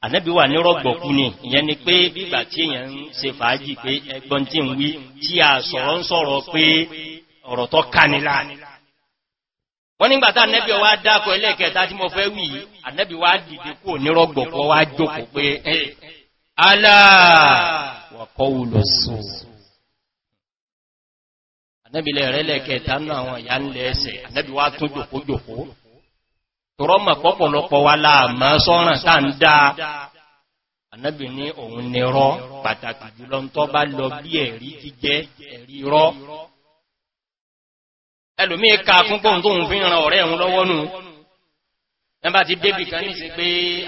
annabi wà ní rọ̀gbọ̀kú ni ìyẹn ni pé bígbà tí èèyàn ń se fàájì pé ẹgbọ́n tí ń wí tí a sọ̀rọ̀ ń sọ̀rọ̀ pé ọ̀rọ̀ tó kánilá wọ́n nígbàtà nẹ́bí wá dákọ̀ ẹlẹ́kẹta tí mo fẹ́ wí ànẹ́bí wá dìde kò nírọ̀gbọ̀kọ́ wá jókò pé ẹ̀ aláàwọ̀kọ́ ulọ̀sù ànẹ́bí lẹ́rẹ́ lẹ́kẹta ní àwọn ìyá ńlẹ̀ ẹsẹ̀ ànẹ́bí wá tún jòkó jòkó tọrọmọ̀ ẹlòmíì ká fún pòun tóun fi ràn ọ̀rẹ́ òun lọ́wọ́ nù nígbà tí débì kan ní sí pé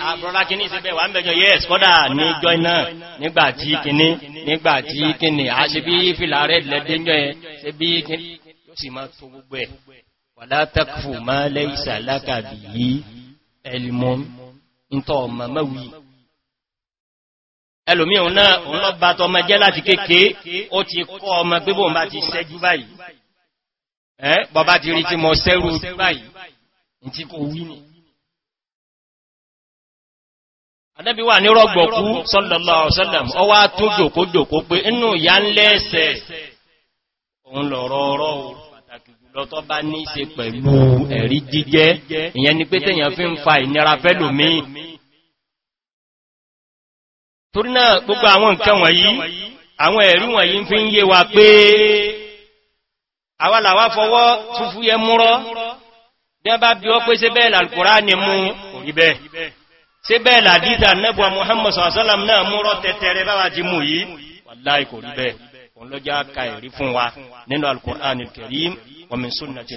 àbúrọ́lá kìíní sí bẹ́ẹ̀ wà ń bẹ̀jọ yes kọ́dà ní jọ náà nígbà tí kìíní nígbà tí kìíní a ṣe bí fìlà rẹ̀ lẹ́dẹ́jọ́ ẹ ṣe bí kìíní yóò máa tó òun náà òun lọ bá tọmọ jẹ́ láti kéèké ó ti kọ́ ọmọ gbébò ti ṣẹ́jú báyìí ẹ́ bọ̀bá ti rí tí mọ̀ sẹ́rù báyìí
tí kò wí ní adẹ́bí wà ní rọ̀gbọ̀kú sallallahu sallam ọwá tó jòkó
jòkó pé inú ìyá ń lẹ́ẹ̀sẹ̀ òun lọ̀rọ̀ ọ̀rọ̀ pàtàkì jùlọ tó bá ní ṣe pẹ̀lú ẹ̀rí jíjẹ́ ìyẹn ni pé tẹ́yàn fi ń fa ìnira fẹ́lòmí torí náà gbogbo àwọn nǹkan wọ̀nyí àwọn ẹ̀rí wọ̀nyí fi ń yé wa pé àwàlàwà fọwọ́ túnfú yẹ múrọ́ bí wọ́n bá bí wọ́n pé ṣe bẹ́ẹ̀ làlùkùrá ní mú orí bẹ́ẹ̀ ṣe bẹ́ẹ̀ làdíta nẹ́bọ̀ muhammad sọ̀sọ́làm náà múrọ́ tẹ́tẹ́rẹ bá wà jí mú yìí wàláì kò rí bẹ́ẹ̀ òun ló já ka ẹ̀rí fún wa nínú alùkùrá ní kẹrí wọ́n súnà ti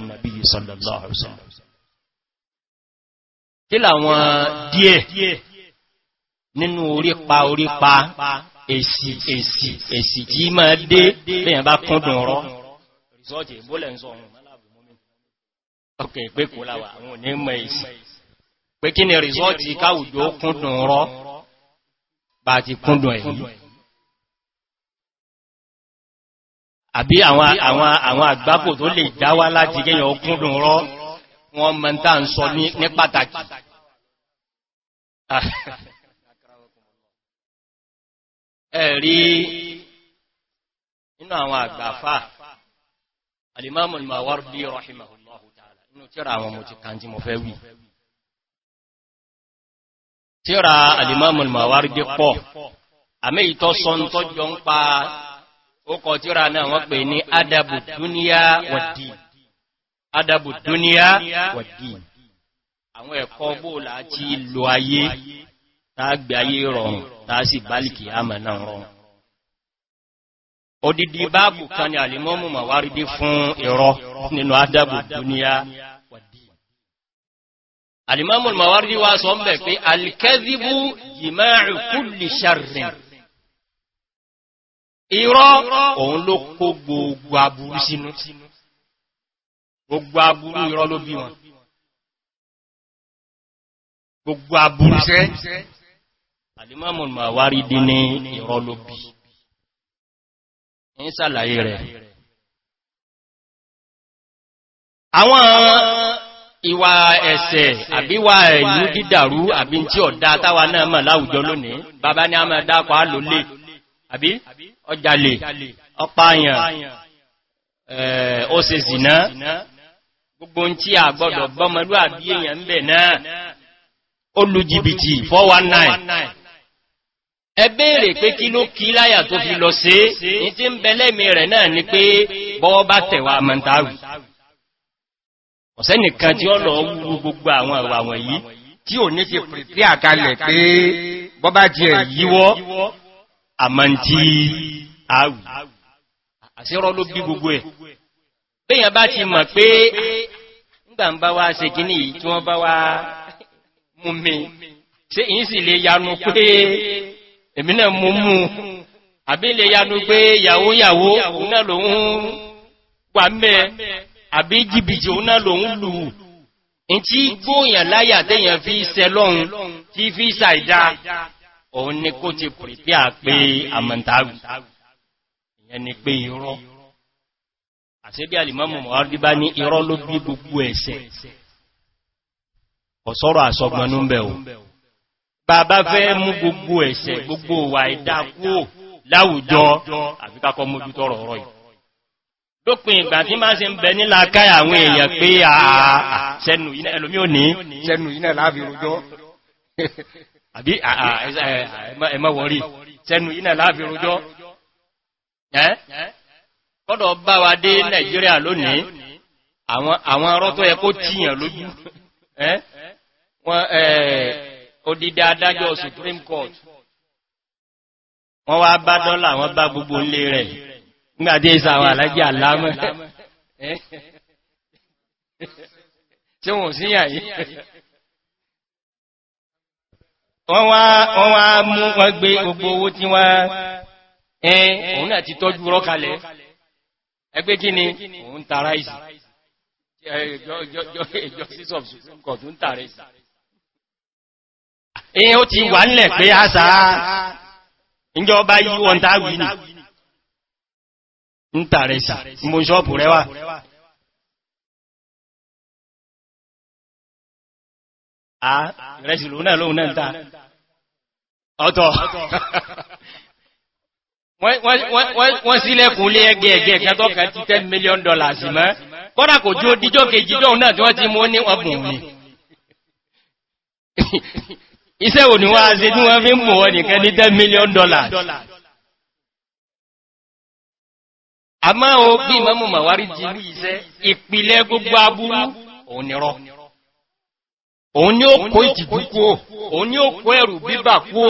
sọ́ọ̀tì ìbólẹ̀ ń sọ ohun ọkẹ̀ pé kò láwà àwọn òní mọ̀ èsì pé kí ni rìsọ́ọ̀tì káwùjọ kúndùn rọ́
bá ti kúndùn ẹ̀yí àbí àwọn àgbápò tó lè dáwá
láti gẹ́yàn kúndùn rọ́ wọn mẹ́ta ń sọ ní pàtàkì
(laughs) ẹ̀rí nínú àwọn àgbàfáà alimamu al-Mawardi
rahimahullahu ta'ala inú tírà àwọn mo ti kan tí mo fẹ́ wí tírà alimamu al-Mawardi pọ̀ àmì ìtọ́ sọ ń tọ́jọ ń pa ókọ tírà náà wọ́n pè ní adabu duniya wadi adabu duniya wadi àwọn ẹ̀kọ́ bóòlà ti lo ayé tá gbé ayé rọrùn tá sì bálìkì àmà náà rọrùn odidi báàbù kan ni alimomu mawaridi fún ìrọ nínú adabu duniya alimomu mawaridi wa sọ mẹ́ pé alkazibu jima'u kulli sharrin
ìrọ òun ló kó gbogbo aburú sínú gbogbo aburú ìrọ ló bí wọn gbogbo
aburú sẹ́ alimomu mawaridi ni ìrọ ló
bí ń sàlàyé rẹ̀ àwọn ìwà ẹ̀ṣẹ̀ àbíwà ìlú dídàrú
àbí tí ọ̀dá táwa náà mọ̀ láwùjọ lónìí bàbá ní a mọ̀ dákọ̀ á lò lè àbí ọjàlè ọpáyàn ó se zìná gbogbo tí a gbọ́dọ̀ bọ́mọlú àbí èèyàn ń bẹ̀ náà 419 ẹ béèrè pé kí ló kí láyà tó fi lọ sí ní tí ń bẹlẹ́mì rẹ̀ náà ni pé bọ́wọ́ bá tẹ̀wà mọ̀ntàrù ọ̀sẹ́ nìkan tí ó lọ wúwo gbogbo àwọn àwà wọ̀nyí tí ò ní ti pèpè àkalẹ̀ pé bọ́bá jẹ yíwọ́ àmọ́ntí àwù àṣírọ́ ló bí gbogbo ẹ̀ péyàn bá ti mọ̀ pé ńgbà ń bá wá ṣe kíní tí wọ́n bá wá mú mi ṣe ìyìn sì lè yanu pé èmi náà mú mú àbí ilẹ̀ yanu pé yàwó yàwó òun náà lòun wà mẹ́ àbí jìbìjì òun náà lòun lù ní tí gbóòyàn láyà tẹ́yàn fi ṣẹ lọ́hun tí fi ṣàìdá òun ni kó ti pìrìtí àpé àmọ̀ntàrù ìyẹn ni pé irọ́ àṣẹ́bí alìmọ́mù mọ̀wárdíbá ní irọ́ ló bí gbogbo ẹ̀ṣẹ̀ ọ̀sọ́rọ̀ àṣọgbọnú bẹ̀ bàbá fẹ́ mú gbogbo ẹ̀ṣẹ̀ gbogbo wà ìdákú láwùjọ àfikakọ mójú tọrọ ọ̀rọ̀ yìí lópin ìgbà tí máa ṣe ń bẹ nílá káyà àwọn èèyàn pé àṣẹnu iná ẹlòmí ò ní ṣẹnu iná láàbí rojọ́ àbí ẹmọ́wọ̀rí ṣẹnu iná láàbí rojọ́ kọ́dọ̀ bá wa dé nàìjíríà lónìí àwọn ọ̀rọ̀ tó yẹ tíyàn lójú odida adájọ́ supreme court wọ́n wá bá dọ́là wọ́n bá gbogbo nlé rẹ̀ nígbàtí ìsà àwọn àlámọ́
tí wọ́n sí wọ́n wá mú wọ́n gbé gbogbo owó tí wọ́n
ẹn òun tọ́jú rọ́kalẹ̀ ni òun tàrà ìsì ẹjọ́ tàrà ìsì èyí ó ti wà nílẹ̀ pé a sàá ìjọba yí wọn tá wì ní
ń tààrẹ sí mú ṣọ́pù rẹ wà a rẹ̀sì lóun náà lóun náà ta ọ̀tọ̀
wọ́n sílẹ̀kùn lé ẹgbẹ̀ ẹgbẹ̀ kẹtọ́kà ti 10 million dollars mọ́ kọ́nà kò jí díjọ́ kejì jọ́ náà tí wọ́n ti mú ní ọgbùn iṣẹ́ wo ni wọ́n a ṣe tí wọ́n fi ń mọ̀ nìkan ní 10 million dollars
àmá o bí ìmọ́mù màwárí ti rí iṣẹ́ ìpìlẹ̀ gbogbo aburú òun ni rọ́ òun ni ó kó ìtìjú kúò
òun ni ó kó ẹ̀rù bíbà kúò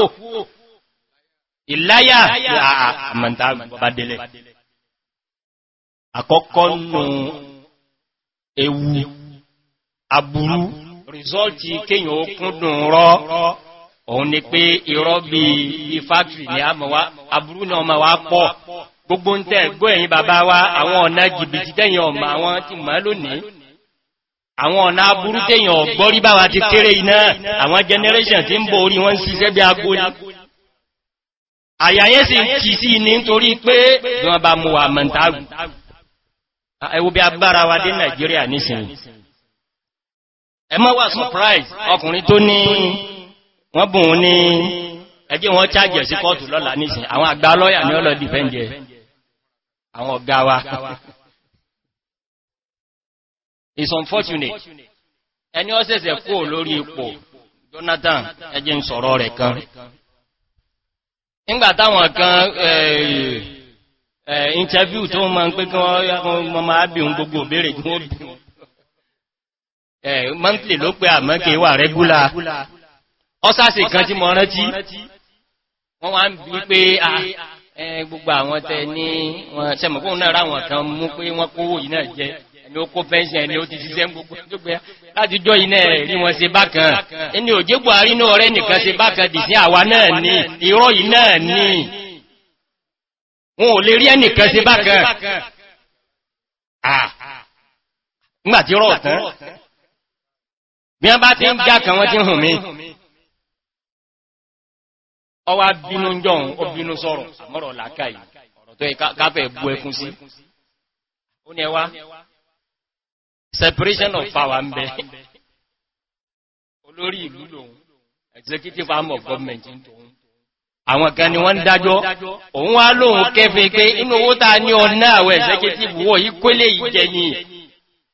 ìláyà àmàntà bàdélẹ̀ àkọ́kọ́ nù ewu aburú rìsọ́ọ̀tì kéyàn ó kúndùn rọ́ òun ni pé irọ́ bí i fáktìrì ní àbúrú náà ma wá pọ̀ gbogbo ń tẹ́ gbọ́ ẹ̀yìn bàbá wa àwọn ọ̀nà jìbìtì tẹ́yìn ọmọ àwọn ti mọ́ lónìí àwọn ọ̀nà aburú tẹ́yìn ọ̀gbọ́rí báwa ti kéré iná àwọn generation ti ń bò orí wọn síṣẹ́ bí agbó ní àyàyẹ́ sì kì sí ní nítorí pé wọ́n bá mú wa mọ̀ntàgù ẹwú bí agbára wa dé nàìjíríà nísìnyí ẹ wà surprise ọkùnrin tó ní wọ́n bùn ní ẹjẹ́ wọn chájẹ̀ sí kọ́ọ̀tù lọ́la nísìn àwọn àgbà lọ́yà ní ọlọ́ dìfẹ́ǹjẹ́ àwọn ọ̀gá it's unfortunate ẹni ó sẹ̀sẹ̀ lórí ipò Jonathan ẹjẹ́ ń sọ̀rọ̀ rẹ̀ kan nígbà táwọn kan eh, eh, interview tó máa ń pé máa bí gbogbo mọ́ntìlì ló pé àmọ́kè wà rẹ́gúlà
ọ́sàsì kan tí mọ́ rántí
wọ́n wá ń bí pé gbogbo àwọn tẹ ní wọn sẹ́mọ̀kún náà ráwọn kan mú pé wọ́n kówó yìí náà jẹ ẹni ó kó pẹ́ńṣẹ̀ ẹni ó ti ṣiṣẹ́ gbogbo láti jọ iná rẹ̀ rí wọn se bákan ẹni òjé se bákan dì sí àwa náà ní irọ́ yìí náà ní wọn ò lè rí ẹnìkan se bákan
nígbàtí rọ̀ tán
bí wọ́n bá ti ń já kan wọ́n ti hùn mí
ọwá bínú jọun ó bínú sọ́rọ̀ àmọ́rọ̀ làákà yìí ọ̀rọ̀ tó káfẹ́ bú ẹkún sí ó ní ẹwà separation of power ń bẹ
olórí ìlú lòun executive arm of government ń tòun àwọn kan ni wọ́n ń dájọ́ òun wá lóhun kẹfẹ́ pé inú owó ta ní ọ̀nà àwọn executive wọ̀ yí kólé yìí jẹ yìí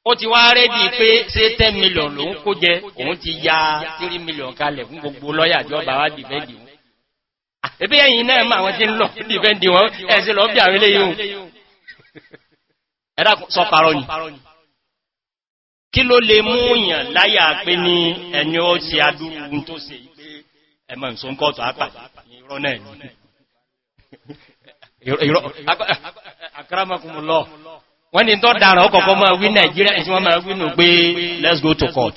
ó ti wá rédí pé ṣé ten million lòún kó jẹ òun ti ya three million kalẹ̀ fún gbogbo lọ́yà tí ọba wa dìbẹ́ndì wọn. ebi ẹ̀yin náà mọ àwọn tí ń lọ (laughs) dìbẹ́ndì wọn ẹ̀ ṣe bí àwọn eléyìí o. ẹ̀dá sọ parọ́ ni. kí ló lè mú yàn láyà pé ní ẹni ó ṣe adúrú tó ṣe pé ẹ mọ̀ nsọ kọ́ọ̀tù apà irọ́ náà (laughs) when ni tó dára ọkọ̀kọ́ máa wí nigeria is one máa wí nù let's go to court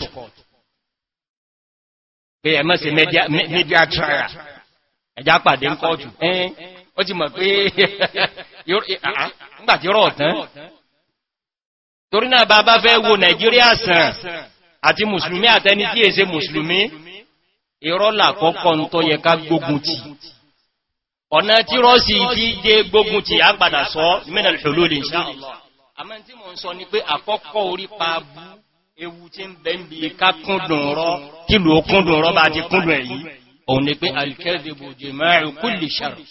pé ẹ mọ́ media trial ẹjá pàdé ń kọ́ọ̀tù ẹ́n ó ti mọ̀ pé (laughs) nígbàtí rọ̀ tán wo nigeria sàn àti mùsùlùmí àtẹni tí èsẹ mùsùlùmí ìrọ́là kọ́kọ́ ń tọ́ yẹ ká gbógun ti ti àmọ́ tí mo ń sọ ni pé àkọ́kọ́ orí pa bú ewu tí ń bẹ ń bí ká kúndùn rọ kí ló kúndùn rọ bá ti kúndùn èyí òun ni pé alkẹ́dìbò jẹmẹ́rin kú lè ṣàrù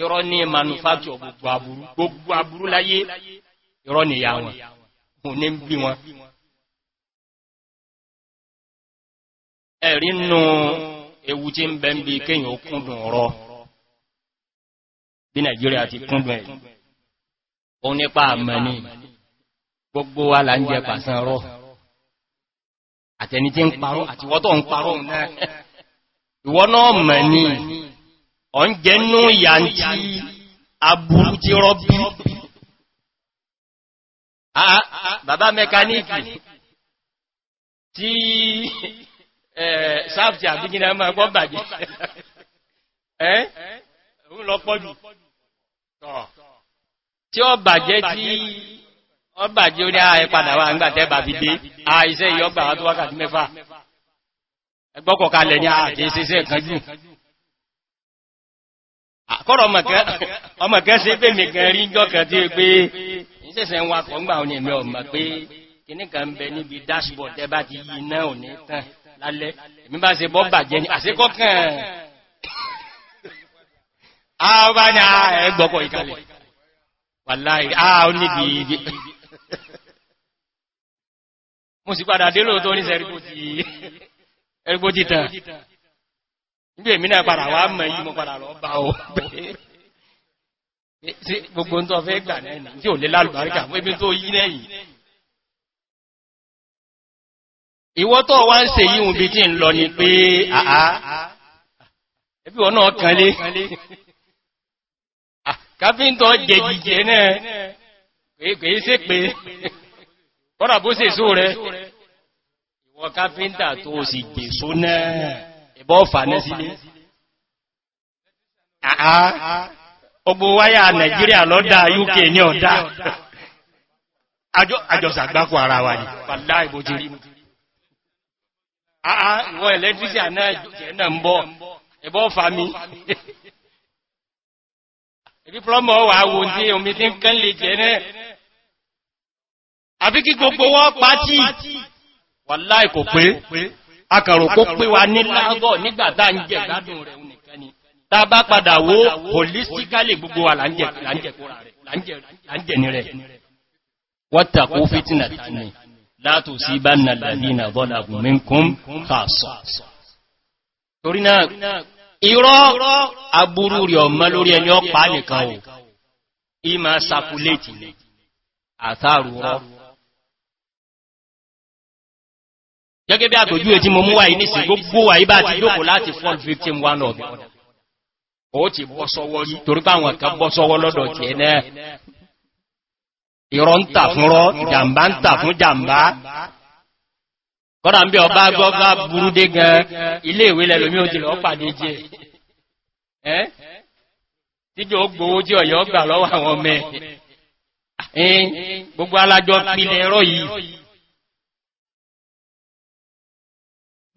irọ́ ní
manufacture gbogbo aburú gbogbo aburú láyé irọ́ ni ya wọn òun ní bí wọn ẹ̀rí nù ewu tí ń bẹ ń bí kéyàn kúndùn rọ bí nàìjíríà ti kúndùn èyí
ó nípa àmà ní gbogbo wa là ń jẹ pàṣán rọ àtẹni tí ń parọ́ àti wọ́tọ̀ ń parọ́ náà ìwọ náà mọ̀ ní ọ ń jẹ nú ìyà tí
aburú ti rọ́bí bàbá mẹkaníkì tí sáàfì àbíkínà
máa gbọ́ bàjẹ́ (laughs) ẹ́ ń lọ pọ́jù tọ̀ tí ó bàjẹ́ tí ó bàjẹ́ ó ní ààyè padà wà nígbàtẹ́ bà fi dé àìsẹ́ ìyọgbà wà tó wákàtí mẹ́fà ẹgbọ́kọ̀ kalẹ̀ ní àkíyèsíṣẹ́ ìkanjú àkọ́rọ̀ ọmọkẹ́ sí pé mi gan rí jọ́kẹ́ tí pé ìṣẹ́sẹ̀ ń wakọ̀ ńgbà òní ẹ̀mẹ́ ọmọ pé kìníkà ń bẹ níbi dashboard ẹ bá ti yí náà ò ní tàn lálẹ́ èmi bá ṣe bọ́ bàjẹ́ ní àṣíkọ́kàn àwọn bá ní ẹgbọ́kọ̀ ìkalẹ̀ wàláì àà ah, ó níbi ah, ìgbé (laughs) mo sì padà dé lóòtọ́ ní ẹ̀rìgbò ti tàn nígbè mí náà padà wà mọ̀ yí mo padà lọ bá o
(laughs) gbogbo tó fẹ́ gbà náà tí ò lè lálùbáríkà mú ebi tó yí lẹ́yìn ìwọ́tọ̀ wá ń se yíhun bí tí ń lọ ni pé àá ẹbí wọn náà kan lé
káfíntọ̀ jẹ̀jìjẹ̀ náà kìí sí pé kọ́nà bó sì só rẹ̀ ìwọ káfíntà tó sì jẹ̀ só náà ìbọ́ fà náà sílé waya wáyà nàìjíríà lọ́dá uk ní ọ̀dá àjọsàgbákò ara wà ní pàdá ìbòjírí ìwọ ẹ̀lẹ́tírísì náà jẹ́ náà ń bọ́ ẹ̀bọ́ fà mí ebi plọ́mọ̀ wà wò ní omi tí ń kán lè jẹ́ náà àbí kí gbogbo wọ́n pàtí wà láì
kò pé akàrò kó pé wa ní lágọ́
nígbàtà ń jẹ gbádùn rẹ̀ nìkan ni bá padà wó holistically gbogbo wa láńjẹ̀ ní rẹ̀ wọ́tàkó fitina tani látò sí bá nàlàdí nà bọ́lá gùnmí kún kà sọ Iro aburú rí ọmọ lórí ẹni ọpá nìkan ò
ìmọ̀ sàkúlẹ̀tì ní àtàrù rọ́ gẹ́gẹ́ bí àgbòjú ètí mo mú wáyé nìsí gbogbo wáyé bá ti dókò láti fall victim one of
ó ti bọ́ sọ́wọ́ yí torípá àwọn kan bọ́ sọ́wọ́ lọ́dọ̀ tí
kọ́nà bí ọba gbọ́gbá burú dé gan ilé ìwé
lẹ́lòmí òjì lọ pàdé jẹ́ ẹ́ tíjọ jẹ́ ọ̀yọ́ gbà lọ́wọ́ àwọn ọmọ ẹ̀ gbogbo alájọ́ ẹ̀rọ yìí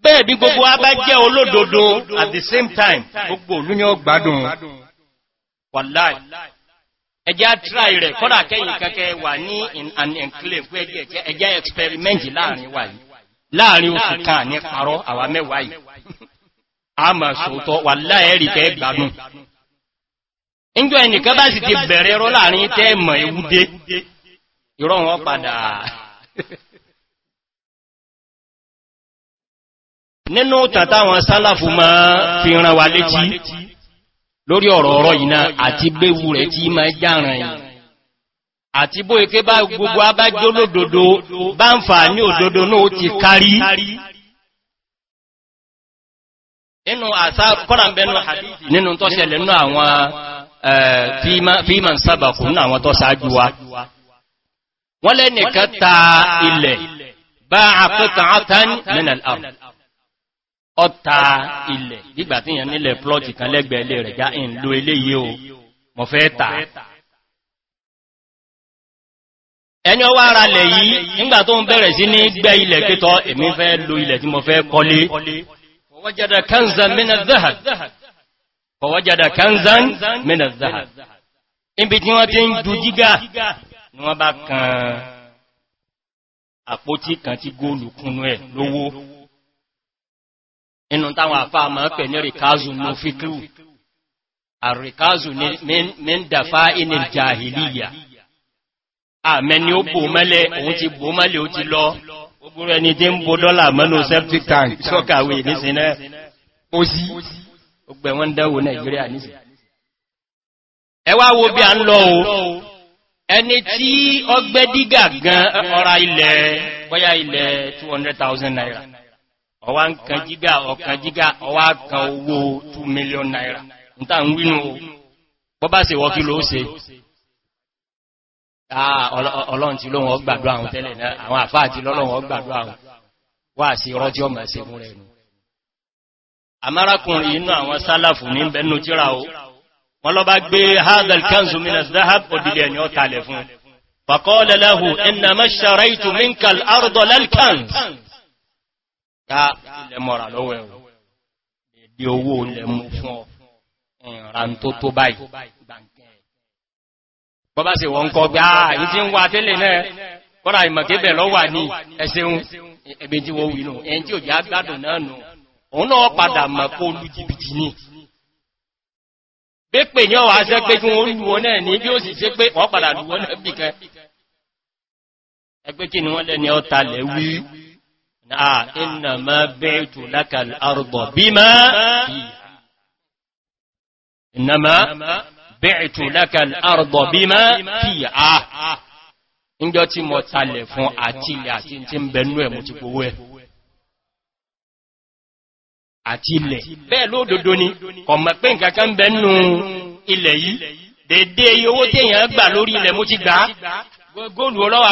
bẹ́ẹ̀ gbogbo a at the same time gbogbo wàláì
ẹjẹ́ àtìráì rẹ̀ kọ́nà kẹ́yìn kẹ́kẹ́ wà ní an enclave ẹjẹ́ experiment láàrin láàrin oṣù kan ní parọ́ àwà mẹ́wàá yìí a ma ṣòótọ́ wà láẹ̀rí kẹ́ gbádùn ǹjọ ẹnìkan bá sì ti bẹ̀rẹ̀ rọ láàrin tẹ́ mọ̀
ewúdé ìrọ̀ wọn padà nínú tàtàwọn sálàfù ma fi ran wa létí lórí ọ̀rọ̀ ọ̀rọ̀ yìí náà àti gbéwu rẹ̀ tí
ma járàn yìí àti bó ike bá gbogbo abájó lódodo bá ń fà ní òdodo náà ti kárí inú àṣà kọ́rànbẹ́nu hadithi nínú tó ṣẹlẹ̀ nínú àwọn fíìmọ̀ sábàkù nínú àwọn tó ṣáájú wa wọ́n lẹ́nìkan ta ilẹ̀ bá àpẹta átán nínú àrùn ọta ilẹ̀ nígbàtíyàn nílẹ̀ plọ́tì kan lẹ́gbẹ̀ẹ́lẹ̀ rẹ̀ já ìlú eléyìí o mọ̀fẹ́ ta ẹni ọwá ara lẹ̀ yìí nígbà tó ń bẹ̀rẹ̀ sí ní gbẹ́ ilẹ̀ pétọ́ èmi fẹ́ lo ilẹ̀ tí mo fẹ́ kọlé kọwọ́jádà kanzan mina zahar ibi tí wọ́n ti ń ju jígá ni wọ́n bá kan àpótí kan tí góòlù kúnnú ẹ̀ lówó inú táwọn àfáà máa pẹ̀ ní ríkázù ní fíkírù àríkázù ní dáfá inil jahiliya. àmẹ́ni ó bò mẹ́lẹ̀ òun ti bò mẹ́lẹ̀ ó ti lọ gbogbo ẹni tí ń bo dọ́là mẹ́nu septic tank sọ́kàwé nísìnà ó sí ọgbẹ̀ wọ́n dẹ́wò nàìjíríà nísìn ẹwà wo bí a ń lọ o ẹni tí ọgbẹ́ dígà gan ọra ilẹ̀ bọ́yá ilẹ̀ 200,000 naira ọwá ń kan jígà ọ̀kan jígà ọwá kan owó 2 million naira ń ta ń wínú bọ́bá se wọ́kí ló ṣe Ah, ọlọ́run ti lóhun ọgbàdọ́ àwọn tẹ́lẹ̀ náà àwọn àfáà ti lọ́lọ́run ọgbàdọ́ àwọn wà sí rọ́jí ọmọ ẹ̀sẹ̀ fún rẹ̀ nù
àmárakùnrin inú àwọn sálàfù ní bẹnu tíra o
wọ́n lọ bá gbé hazel
tó tó báyìí
bọ́bá sì wọ́n kọ gbá àyí ah, tí ń wá tẹ́lẹ̀ náà kọ́ra ìmọ̀kébẹ̀ lọ́wà ní ẹ̀ṣẹ̀un ẹ̀bẹ̀ tí wọ́n wìnú ẹ̀yìn tí ò já gbádùn náà nù òun náà padà mọ̀ kó lú bẹ́ẹ̀tù lákàl àrùgbọ̀ bí má kí à ǹjọ́ tí mọ̀ talẹ̀ fún àti ilẹ̀ àti tí ń bẹnú ẹ̀ mú ti gbówó ẹ̀ àti ilẹ̀ bẹ́ẹ̀ lóòdòdó ni kọ̀mọ̀ pé nǹkankan bẹnú ilẹ̀ yìí dédé owó téèyàn gbà lórí ilẹ̀ mú ti gbà góòlù ọlọ́wà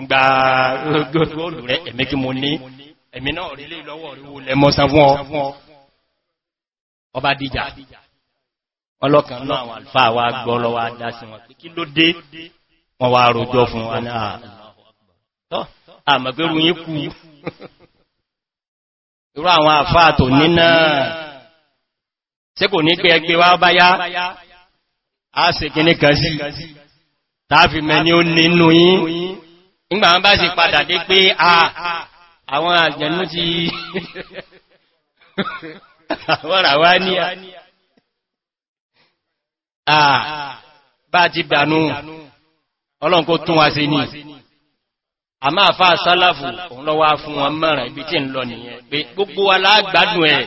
ìgbà olù rẹ̀ ẹ̀mí kí mo ní ẹ̀mí náà rí lè lọ́wọ́ ríwó lẹ́mọ́sán fún ọ ọba dìjà
ọlọ́kan náà àwọn alfa wa gbọ́ lọ́wọ́
adásí wọn kí ló dé
wọn wá rojọ́ fún wọn náà
àmàgbérù yí kú irú àwọn àfá àtò níná tí kò ní pé ẹgbẹ́ wá bá yá á sì kí ní kan sí mẹ́ ni ó nínú yí ìgbà wọn bá sì padà dé pé àwọn àjẹ̀nú ti
(laughs)
wọ́ra wá ní a bá ti dànú
ọlọ́n kó tún wá
sí ní a máa fà sálàfù òun lọ́wọ́ fún wọn mẹ́rin ibi tí ń lọ nìyẹn pé gbogbo alágbádùn ẹ̀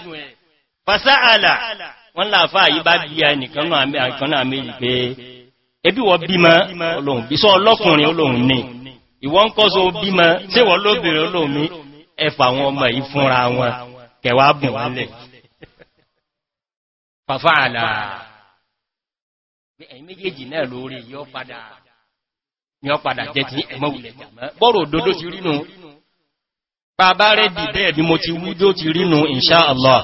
fasáàlà wọ́n láàfà yí bá bí i nìkan náà méjì pé ebí wọ́n bímọ olóhun bí sọ ọlọ́kùnrin olóhun ní ìwọ́n kọ́ so bímọ tí wọ́n lóbìnrin olómi ẹfà àwọn ọmọ yìí fúnra wọn kẹwàá bùn wọn lẹ̀ fàfà àlà ẹ̀yìn méjèèjì náà lórí yọ padà yọ padà jẹ́ ti ẹ̀mọ́ wùlẹ̀ jàmọ́ bọ́rọ̀ òdodo ti rínú bàbá rẹ̀ dìbẹ́ bí mo ti wújó ti rínú ìṣá allah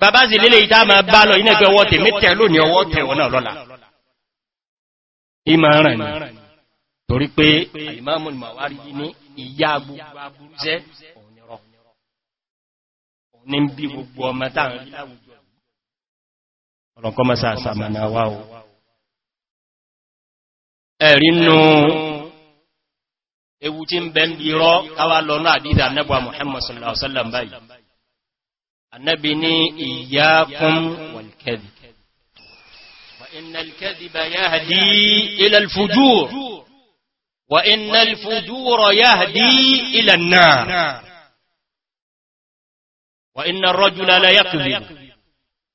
bàbá sì lélẹ̀ ìdá máa bá lọ inẹ́gbẹ́ ọwọ́ tèmi tẹ̀ lónìí torí pé àìmáàmù ni màwárí yìí ní ìyá gbogbo aburú jẹ́ ònirọ̀
ní bí gbogbo ọmọ táwọn rí láwùjọ ọ̀rọ̀kọ́ mọ́ sàásàmànà wá o ẹ̀rí nù
ewu tí ń bẹ ń bí وإن الفجور يهدي إلى النار وإن الرجل ليكذب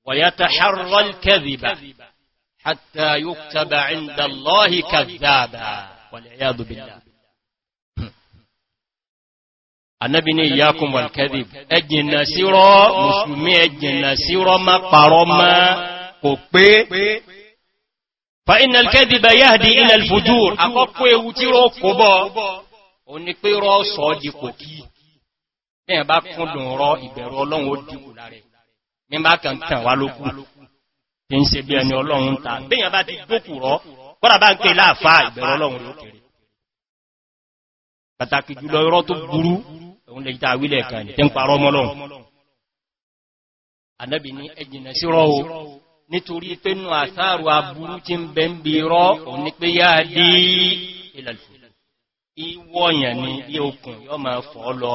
ويتحرى الكذب حتى يكتب عند الله كذابا والعياذ بالله
Ànábì بني إياكم والكذب
ẹjìnà sírọ́, Mùsùlùmí ẹjìnà sírọ́ má parọ́ fa'in alkẹ́dìbà yáàdì in alfujur akọ́kọ́ ewu tí rọ kò bọ́ o ní pé rọ sọ dìkò kí bẹ́ẹ̀ bá kúndùn rọ ìbẹ̀rù ọlọ́run ó dìkò lárẹ̀ ní bá kàn tàn wá lókù tí ń se bí ẹni ọlọ́run ta bẹ́yàn bá ti gbókù rọ kọ́nà bá ń pè láàfá ìbẹ̀rù nítorí pé nù àtàrù aburú ti ń bẹ ń bí rọ́ òní pé yá dí ìlàlùfù ìwọ̀nyàn ní bí okùn yọ ma fọ́ lọ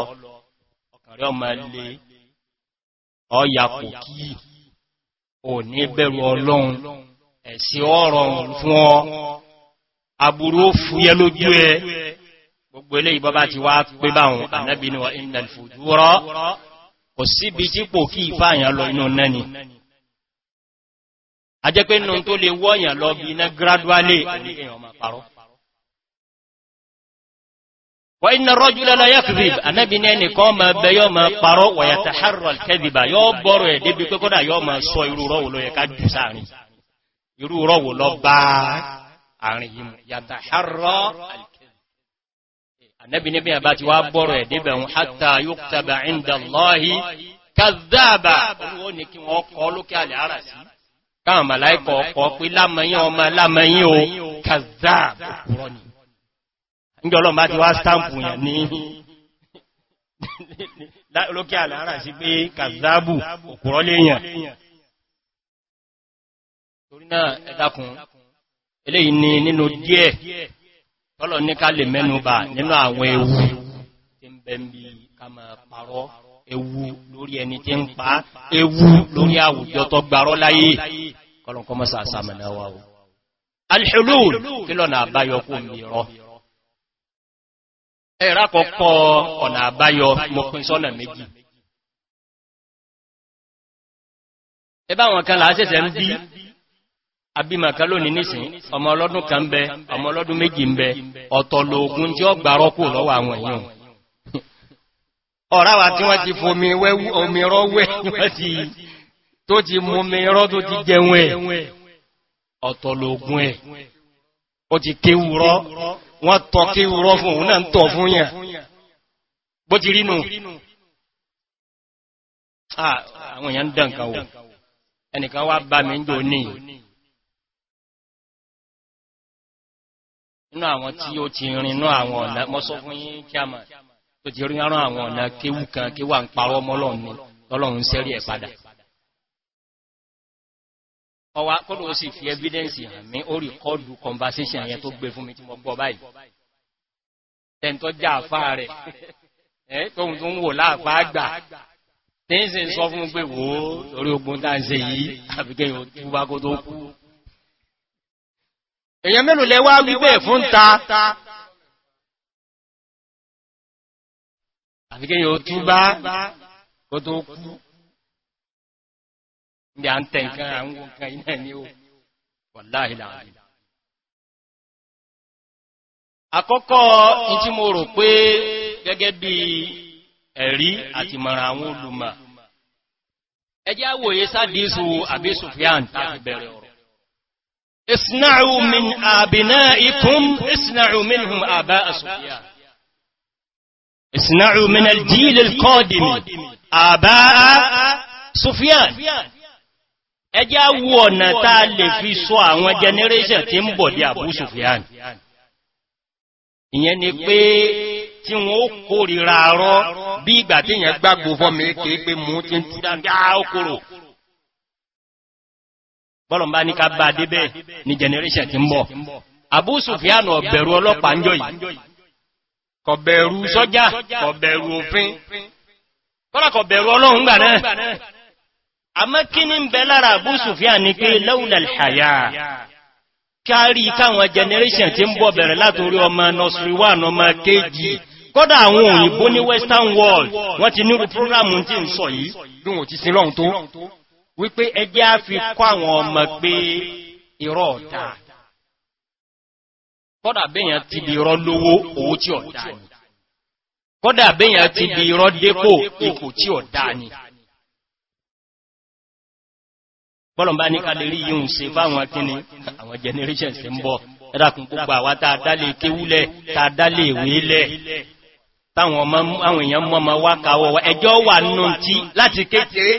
ọkàrí ọmọ lè ọyàpò kí ò ní bẹ̀rù ọlọ́run ẹ̀sí ọ̀rọ̀ gbogbo ilé ìbọba ti wá pé báhùn ànábìnú ìlàlùfù dúró
kò síbi tí pò kí ìfáàyàn lọ inú náà ni ajẹ́ pé nù tó lè
wọ́yàn lọ bí iná gradually ní èyàn ma parọ́ wọ́n iná rọ́jú lọ́lọ́ yẹ́kìrì anábi ní ẹnìkan ma bẹ yọ́ ma parọ́ wọ̀yàtà harold kẹ́dìbà yọ́ bọ́rọ̀ ẹ̀ débi pé kọ́dà yọ́ ma sọ irú rọ́wò lọ yẹ jù sáàrin káwọn màláìkọ̀ ọkọ̀ pé lámẹ́yìn ọmọ lámẹ́yìn o kàzá òkúrọ̀ ni
níjọ́ ọlọ́run bá ti wá stampu yàn ní
lókè àlàárà sí pé kàzáàbù òkúrọ̀ léyàn torí náà ẹ̀dàkùn eléyìí ni nínú díẹ̀ tọ́lọ̀ ní ká lè mẹ́nubà nínú àwọn ewu tí ń bẹ̀ ń bí ewu lórí ẹni tí ń pa ewu lórí àwùjọ tó gbarọ́ láyé kọlọ̀kọ́ mọ́sà àsàmìnà wa o alhulul kí lọ́nà àbáyọ kó mìíràn
ẹ̀rá kọ̀kọ́ ọ̀nà àbáyọ mọ̀pin sọ́nà méjì ẹbá wọn kan làásẹ̀sẹ̀ ń bí abimaka lónìí nísìn ọmọ ọlọ́dún kan bẹ ọmọ ọlọ́dún méjì ń bẹ ọ̀tọ̀lógún
tí ó gbàrọ́kù lọ́wọ́ àwọn èèyàn ọ̀ráwà tí wọ́n ti fomi omírọ́ wẹ́ tó ti tó ti jẹun ẹ̀ ọ̀tọ̀lógún ẹ̀ ó ti wọ́n fún òun náà ń tọ̀ fún yàn bó ti rínú
àwọn èèyàn ẹnìkan tí ó ti inú àwọn tó ti rí rán àwọn ọ̀nà kéwú kan kéwà ń parọ́ mọ́lọ́run ni lọ́lọ́run sẹ́rí
ẹ̀ padà ọwá kọ́lù ó sì fi evidence hàn mí ó rìkọ́dù conversation yẹn tó gbé fún mi tí mo gbọ́ báyìí tẹ́ntọ́ já àfá rẹ̀ (laughs) ẹ́ tóhun tó ń wò láàfá àgbà tẹ́ǹsìn sọ fún pé wò ó torí ogun tá ń se
fún ta àfi kí yóò tú bá kó tó kú ní à ń tẹ nǹkan àwọn nǹkan iná o wàláhì láàrin àkọ́kọ́ ìtí mo rò pé gẹ́gẹ́ bí ẹ̀rí àti mara àwọn
olùmọ̀ ẹjẹ́ àwòye àbí tàbí bẹ̀rẹ̀
ọ̀rọ̀ min abina'ikum isna'u
ìsìnáàrù من الجيل القادم آباء سفيان ẹjá wo ọ̀nà táa lè fi sọ àwọn generation tí ń bọ̀ dí Abu Sufyan ìyẹn ni pé tí wọ́n ó kórìíra rọ bí ìgbà tí yẹn gbàgbò fọ́mí kéé pé mú ti ń túdá ní àókòrò bọ́lọ̀mbá ní ká bá débẹ̀ ní generation tí ń bọ̀ Abu Sufyan ọ̀bẹ̀rù ọlọ́pàá ń jọ yìí kò bẹ̀rù sọ́jà kò bẹ̀rù òfin kọ́lá kò bẹ̀rù ọlọ́run gbà náà àmọ́ kí ní ń bẹ lára Abu Sufyan ní pé lawla kárí káwọn generation tí ń bọ̀ bẹ̀rẹ̀ látorí ọmọ nursery one ọmọ kéjì kọ́dà àwọn òyìnbó ní western world wọ́n ti nírú prógrámù tí ń sọ yìí bí wọ́n ti wípé ẹjẹ́ á fi kọ́ àwọn ọmọ pé irọ́ ọ̀tá kọ́dà bẹ́yàn ti di rọ lówó owó tí ọ̀dá ni
kọ́dà bẹ́yàn ti di rọ dépò ipò tí ọ̀dá ni bọ́lọ̀mbá ní ká lè rí yíò se fáwọn
akíní àwọn generations ń bọ̀ ẹ́dàkùn púpọ̀ àwá tàà dálé kéwúlẹ̀ tàà dálé ìwélẹ̀ táwọn èèyàn mọ́mọ wá kàwọ̀ ẹjọ́ wà nínú tí láti kékeré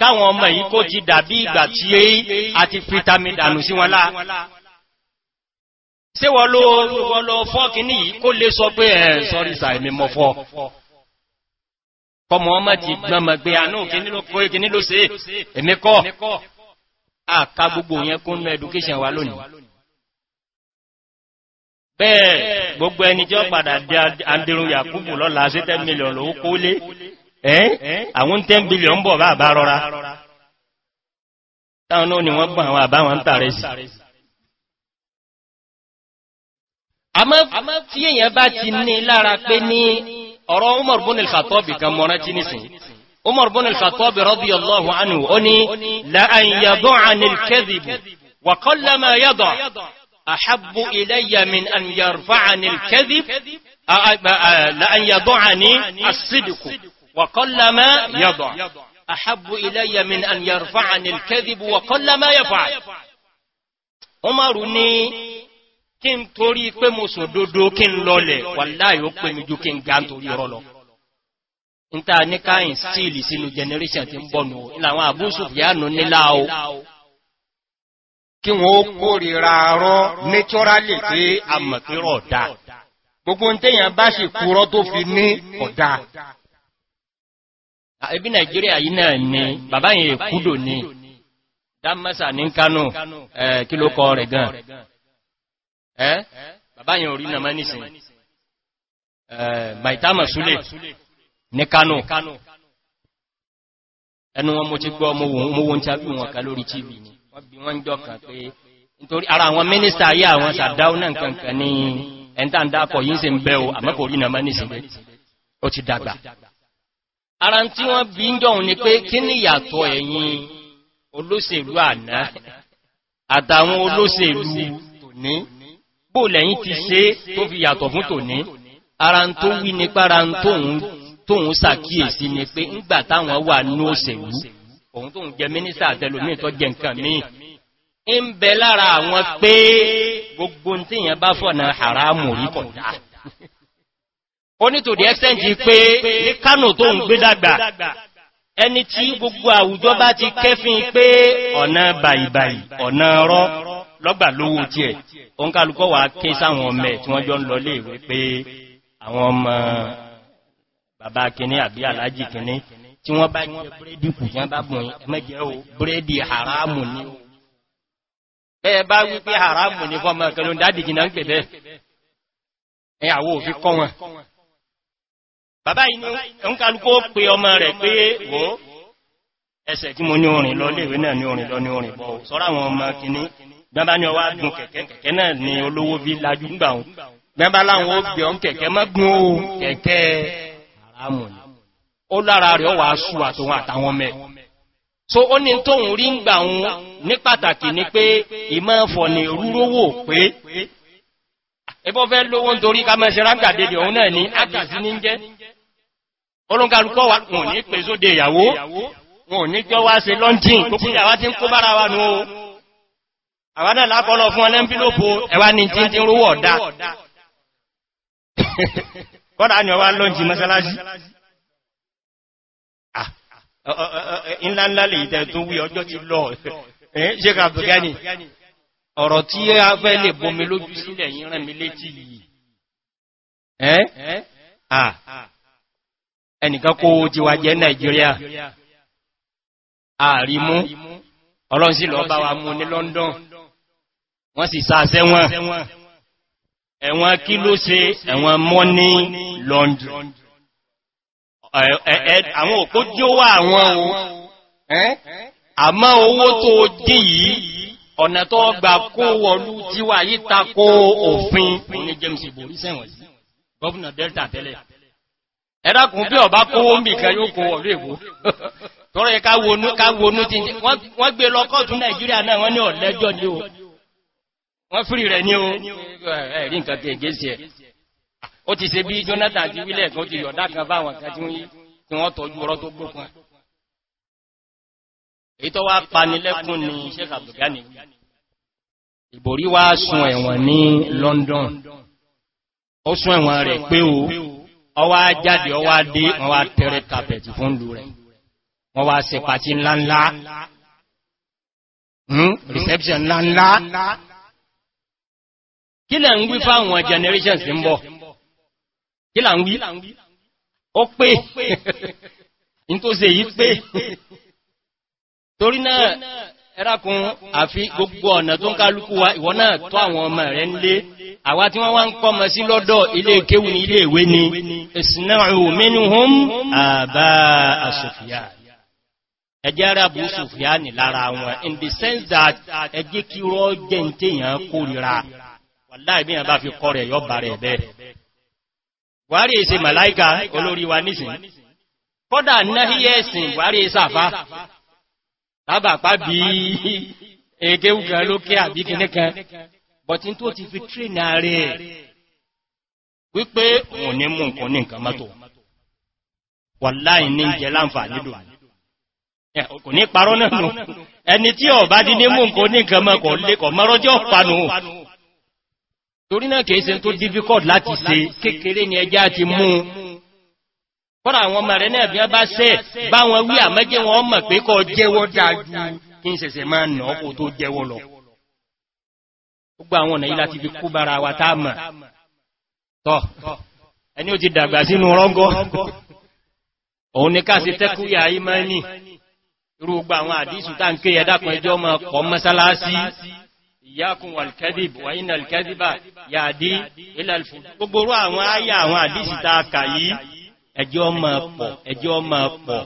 káwọn ọmọ yìí kó ti dàbí ìgbà tí àti fitamin dànù sí wọn láà ṣe wọ́n lọ fọ́ọ̀kì ní yìí kó lè sọ pé ẹ̀ eh, sọ́rí sàìmì mọ́ fọ́ kọmọ ọmọ ti gbọmọ gbé àánú kìíní ló ṣe èmi kọ́ àká gbogbo yẹn kún ní education wa lónìí bẹ́ẹ̀ gbogbo ẹni jọ padà àndìrún yakubu lọ́la 7 million lówó kó lé àwọn 10 billion bọ̀ bá àbá rọra
táwọn náà ni wọ́n gbọ́n àwọn àbáwọn tààrẹ sí àmọ́ tí èyàn
bá ti ní lára pé ní ọ̀rọ̀ Umar bin al-Khattab kan mọ́ra tí nìsìn Umar bin al-Khattab radiyallahu anhu ó ní la an yada'ani al-kadhib wa qallama yada ahabbu ilayya min an yarfa'ani al-kadhib la an yada'ani as-sidq wa qallama yada ahabbu ilayya min an yarfa'ani al-kadhib wa kí n torí pé mo sòdodo kí n lọlẹ̀ wàláyé ó pè mí ju kí n ga nítorí ọ̀rọ̀ lọ n ta ní káyìn stíìlì sínú generation ti ń bọ̀ nù ìlànà àbúsù fìyànù nílá o kí wọ́n kórìíra rọ́ nẹ́tọ́rálì pé àmọ̀pẹ́rọ̀ ọ̀dá gbogbo tẹ́yàn bá sì kúrọ́ tó fi ní ọ̀dá ẹbí nàìjíríà yìí náà ni bàbá yẹn kúdò ní dámásà ní kánò kí rẹ̀ gan-an ẹ́ bàbá yẹn orí nàmá nìsìn maitama sule ní kano ẹnu wọn mo ti gbọ́ mowó ń wọn ká lórí tv ni wọ́n bí wọ́n jọ kàn pé nítorí ara àwọn mínísítà ayé àwọn sàdáwò náà kankan ní ẹ̀ntà ń yí se ń bẹ́ o orí nìsìn ó ti dàgbà ara tí wọ́n bí ń ni pé kí ẹ̀yìn olóṣèlú àná àtàwọn olóṣèlú tòní bó lẹ́yìn ti ṣe tó fi yàtọ̀ fún tòní ara ń tó wí nípa ara ń tóhun sàkíyèsí ni pé ńgbà táwọn wà ní òṣèlú òun tóhun jẹ mínísà àtẹlòmí tó jẹ nǹkan míì ń bẹ lára àwọn pé gbogbo tí èyàn bá fọ̀nà haramu rí kọ̀dá ó ní tò dí ẹ́sẹ́ǹtì pé ní kánò tó ń gbé dàgbà ẹni tí gbogbo àwùjọ bá ti kẹ́fin pé ọ̀nà bàìbàì ọ̀nà rọ́ lọ́gbà lówó tí ẹ̀ òun kálukọ́ wà ké sáwọn ọmọ ẹ̀ tí wọ́n jọ ń lọ lè wé pé àwọn ọmọ bàbá kìíní àbí alájì kìíní tí wọ́n bá jẹ búrẹ́dì kù yán bá bùn mẹ́jẹ́ o búrẹ́dì haramu ni o ẹ bá wípé haramu ni fọ́mọ kẹlò dáàdì jìnà ń pẹ̀lẹ̀ ẹ àwọ kọ́ wọn bàbá yìí ní òun kálukọ́ pé ọmọ rẹ̀ pé wò ẹsẹ̀ tí mo ní orin lọ léèwé náà ní orin lọ ní orin bọ́ sọ́rọ̀ àwọn ọmọ kìíní gbẹ́mbá ní ọwá gùn kẹ̀kẹ́ kẹ̀kẹ́ náà ni olówó bí lajú gbà wọn gbẹ́mbá láwọn ó gbẹ̀ ọ́n kẹ̀kẹ́ mọ́gùn ó kẹ̀kẹ́ àrámù ni ó lára rẹ̀ wà sú àtòun àtàwọn mẹ́ so ó ní tóun rí ń ní pàtàkì ni pé ìmọ̀ ẹ̀fọ́ ni rúrówó pé ẹbọ́ fẹ́ lówó wọn ò ní jọ wá se london gbogbo ìyàwó tí ń kó bára wa nù o àwọn náà lákọlọ fún ọlẹ́mpílòpò ẹwà ní tí ń tí ń rówó ọ̀dá kọ́dà (laughs) ni ọwá lọ́njì mọ́sálásí ńláńlá lè ìtẹ̀ tó wí ọjọ́ ti lọ ṣe kàbùgẹ́ni ọ̀rọ̀ tí a fẹ́ lè bomi lójú sílẹ̀ yìí rẹ̀ mi létí yìí ẹnìkan kó ti wà jẹ́ nàìjíríà àrímú ọlọ́run sí lọ bá wa mú ní london wọ́n sì sáàṣẹ́ wọn ẹ̀wọ̀n kí ló ṣe ẹ̀wọ̀n money London. àwọn òkú jí ó wà àwọn o àmọ́ owó tó dí yìí ọ̀nà tó gbà kó wọlú tí wà yí takó òfin ní james ibori sẹ́wọ̀n sí gọ́ọ̀nà delta tẹ́lẹ̀ ẹ̀dàkùn bí ọba kówó mìkan yóò kó wọlú èkó (laughs) tọ́rọ yẹ káwonú tí wọ́n gbé lọ́kọ́tù nàìjíríà náà wọ́n ní ọ̀lẹ́jọ́ ní o wọ́n fìrì rẹ̀ ní o ẹ̀rí nǹkan kẹgẹ́ sí ẹ̀ ó ti ṣe bí jonathan ti wílẹ̀ kan ti yọ̀dá kan báwọn kan tí wọ́n tọ́jú ọ̀rọ̀ tó gbókun èyí tó wá panilẹ́kún
london o
ọwá jáde ọwá dé ọwá tẹ́rẹ kàpẹ̀tì fún lù rẹ̀ wọ́n wá sí pàtí ńláńlá hmm? reception ńláńlá kí lẹ̀ ń wí fáwọn generations ń bọ̀ kí là ń wí ó pé in tó se yí pé torí náà ẹrakun àfi gbogbo ọ̀nà tó ń kálukú wa ìwọ náà tó àwọn ọmọ rẹ̀ ń lé àwá tí wọ́n wá ń kọ́ mọ̀ sí lọ́dọ̀ ilé kéwù ní ilé ìwé ni ìsinà òmìnirun àbá àsòfíà ẹjẹ́ rẹ̀ bú sùfìyàní lára wọn in the sense that ẹjẹ́ kí rọ́ jẹ́ ń tèyàn kórìíra wàláì bí yàn bá fi kọ́ rẹ̀ yọ́ bà rẹ̀ bẹ́ẹ̀ buhari èsè màláìka olórí wa nísìn kọ́dà náhíyẹ́ ẹ̀sìn buhari èsàfá lábàpá bí egéwùgán lókè àbí kìnníkan bọ̀tí tó ti fi tírínà rẹ̀ wípé òun ní mú nǹkan ní nǹkan mọ́tò wàláì ní ìjẹ́ láǹfà nílùú kò ní parọ́ náà nù ẹni tí ọ̀ bá dídé mú nǹkan ní nǹkan mọ́kọ̀ lẹ́kọ̀ mọ́rọ́ jẹ́ ọ̀pánu torí náà kìí tó difficult láti se kékeré ni ẹjá ti mú kọ́rọ̀ àwọn ọmọ rẹ̀ náà bí wọ́n bá sẹ́ bá wọn wí àmẹ́jẹ́ wọn mọ̀ pé kọ́ jẹ́wọ́ dájú kí n sẹ̀sẹ̀ máa nà ọ́ tó jẹ́wọ́ lọ gbogbo àwọn ọ̀nà yìí láti fi kú bára wa tá mọ̀ tọ́ ẹni ó ti dàgbà sínú rọ́ngọ́ òun ni ká sí tẹ́kúyà ìmọ̀ ní irúgbà àwọn àdísù tá ń ké ẹ̀dàkùn ẹjọ́ ọmọ ọkọ̀ mọ́sálásí ìyákùn alkadib wàyínà alkadiba yàdí ilalfu gbogbo àwọn àyà àwọn àdísù tá a kà yìí
ẹjọ́ ọmọ ọpọ̀ ẹjọ́ ọmọ ọpọ̀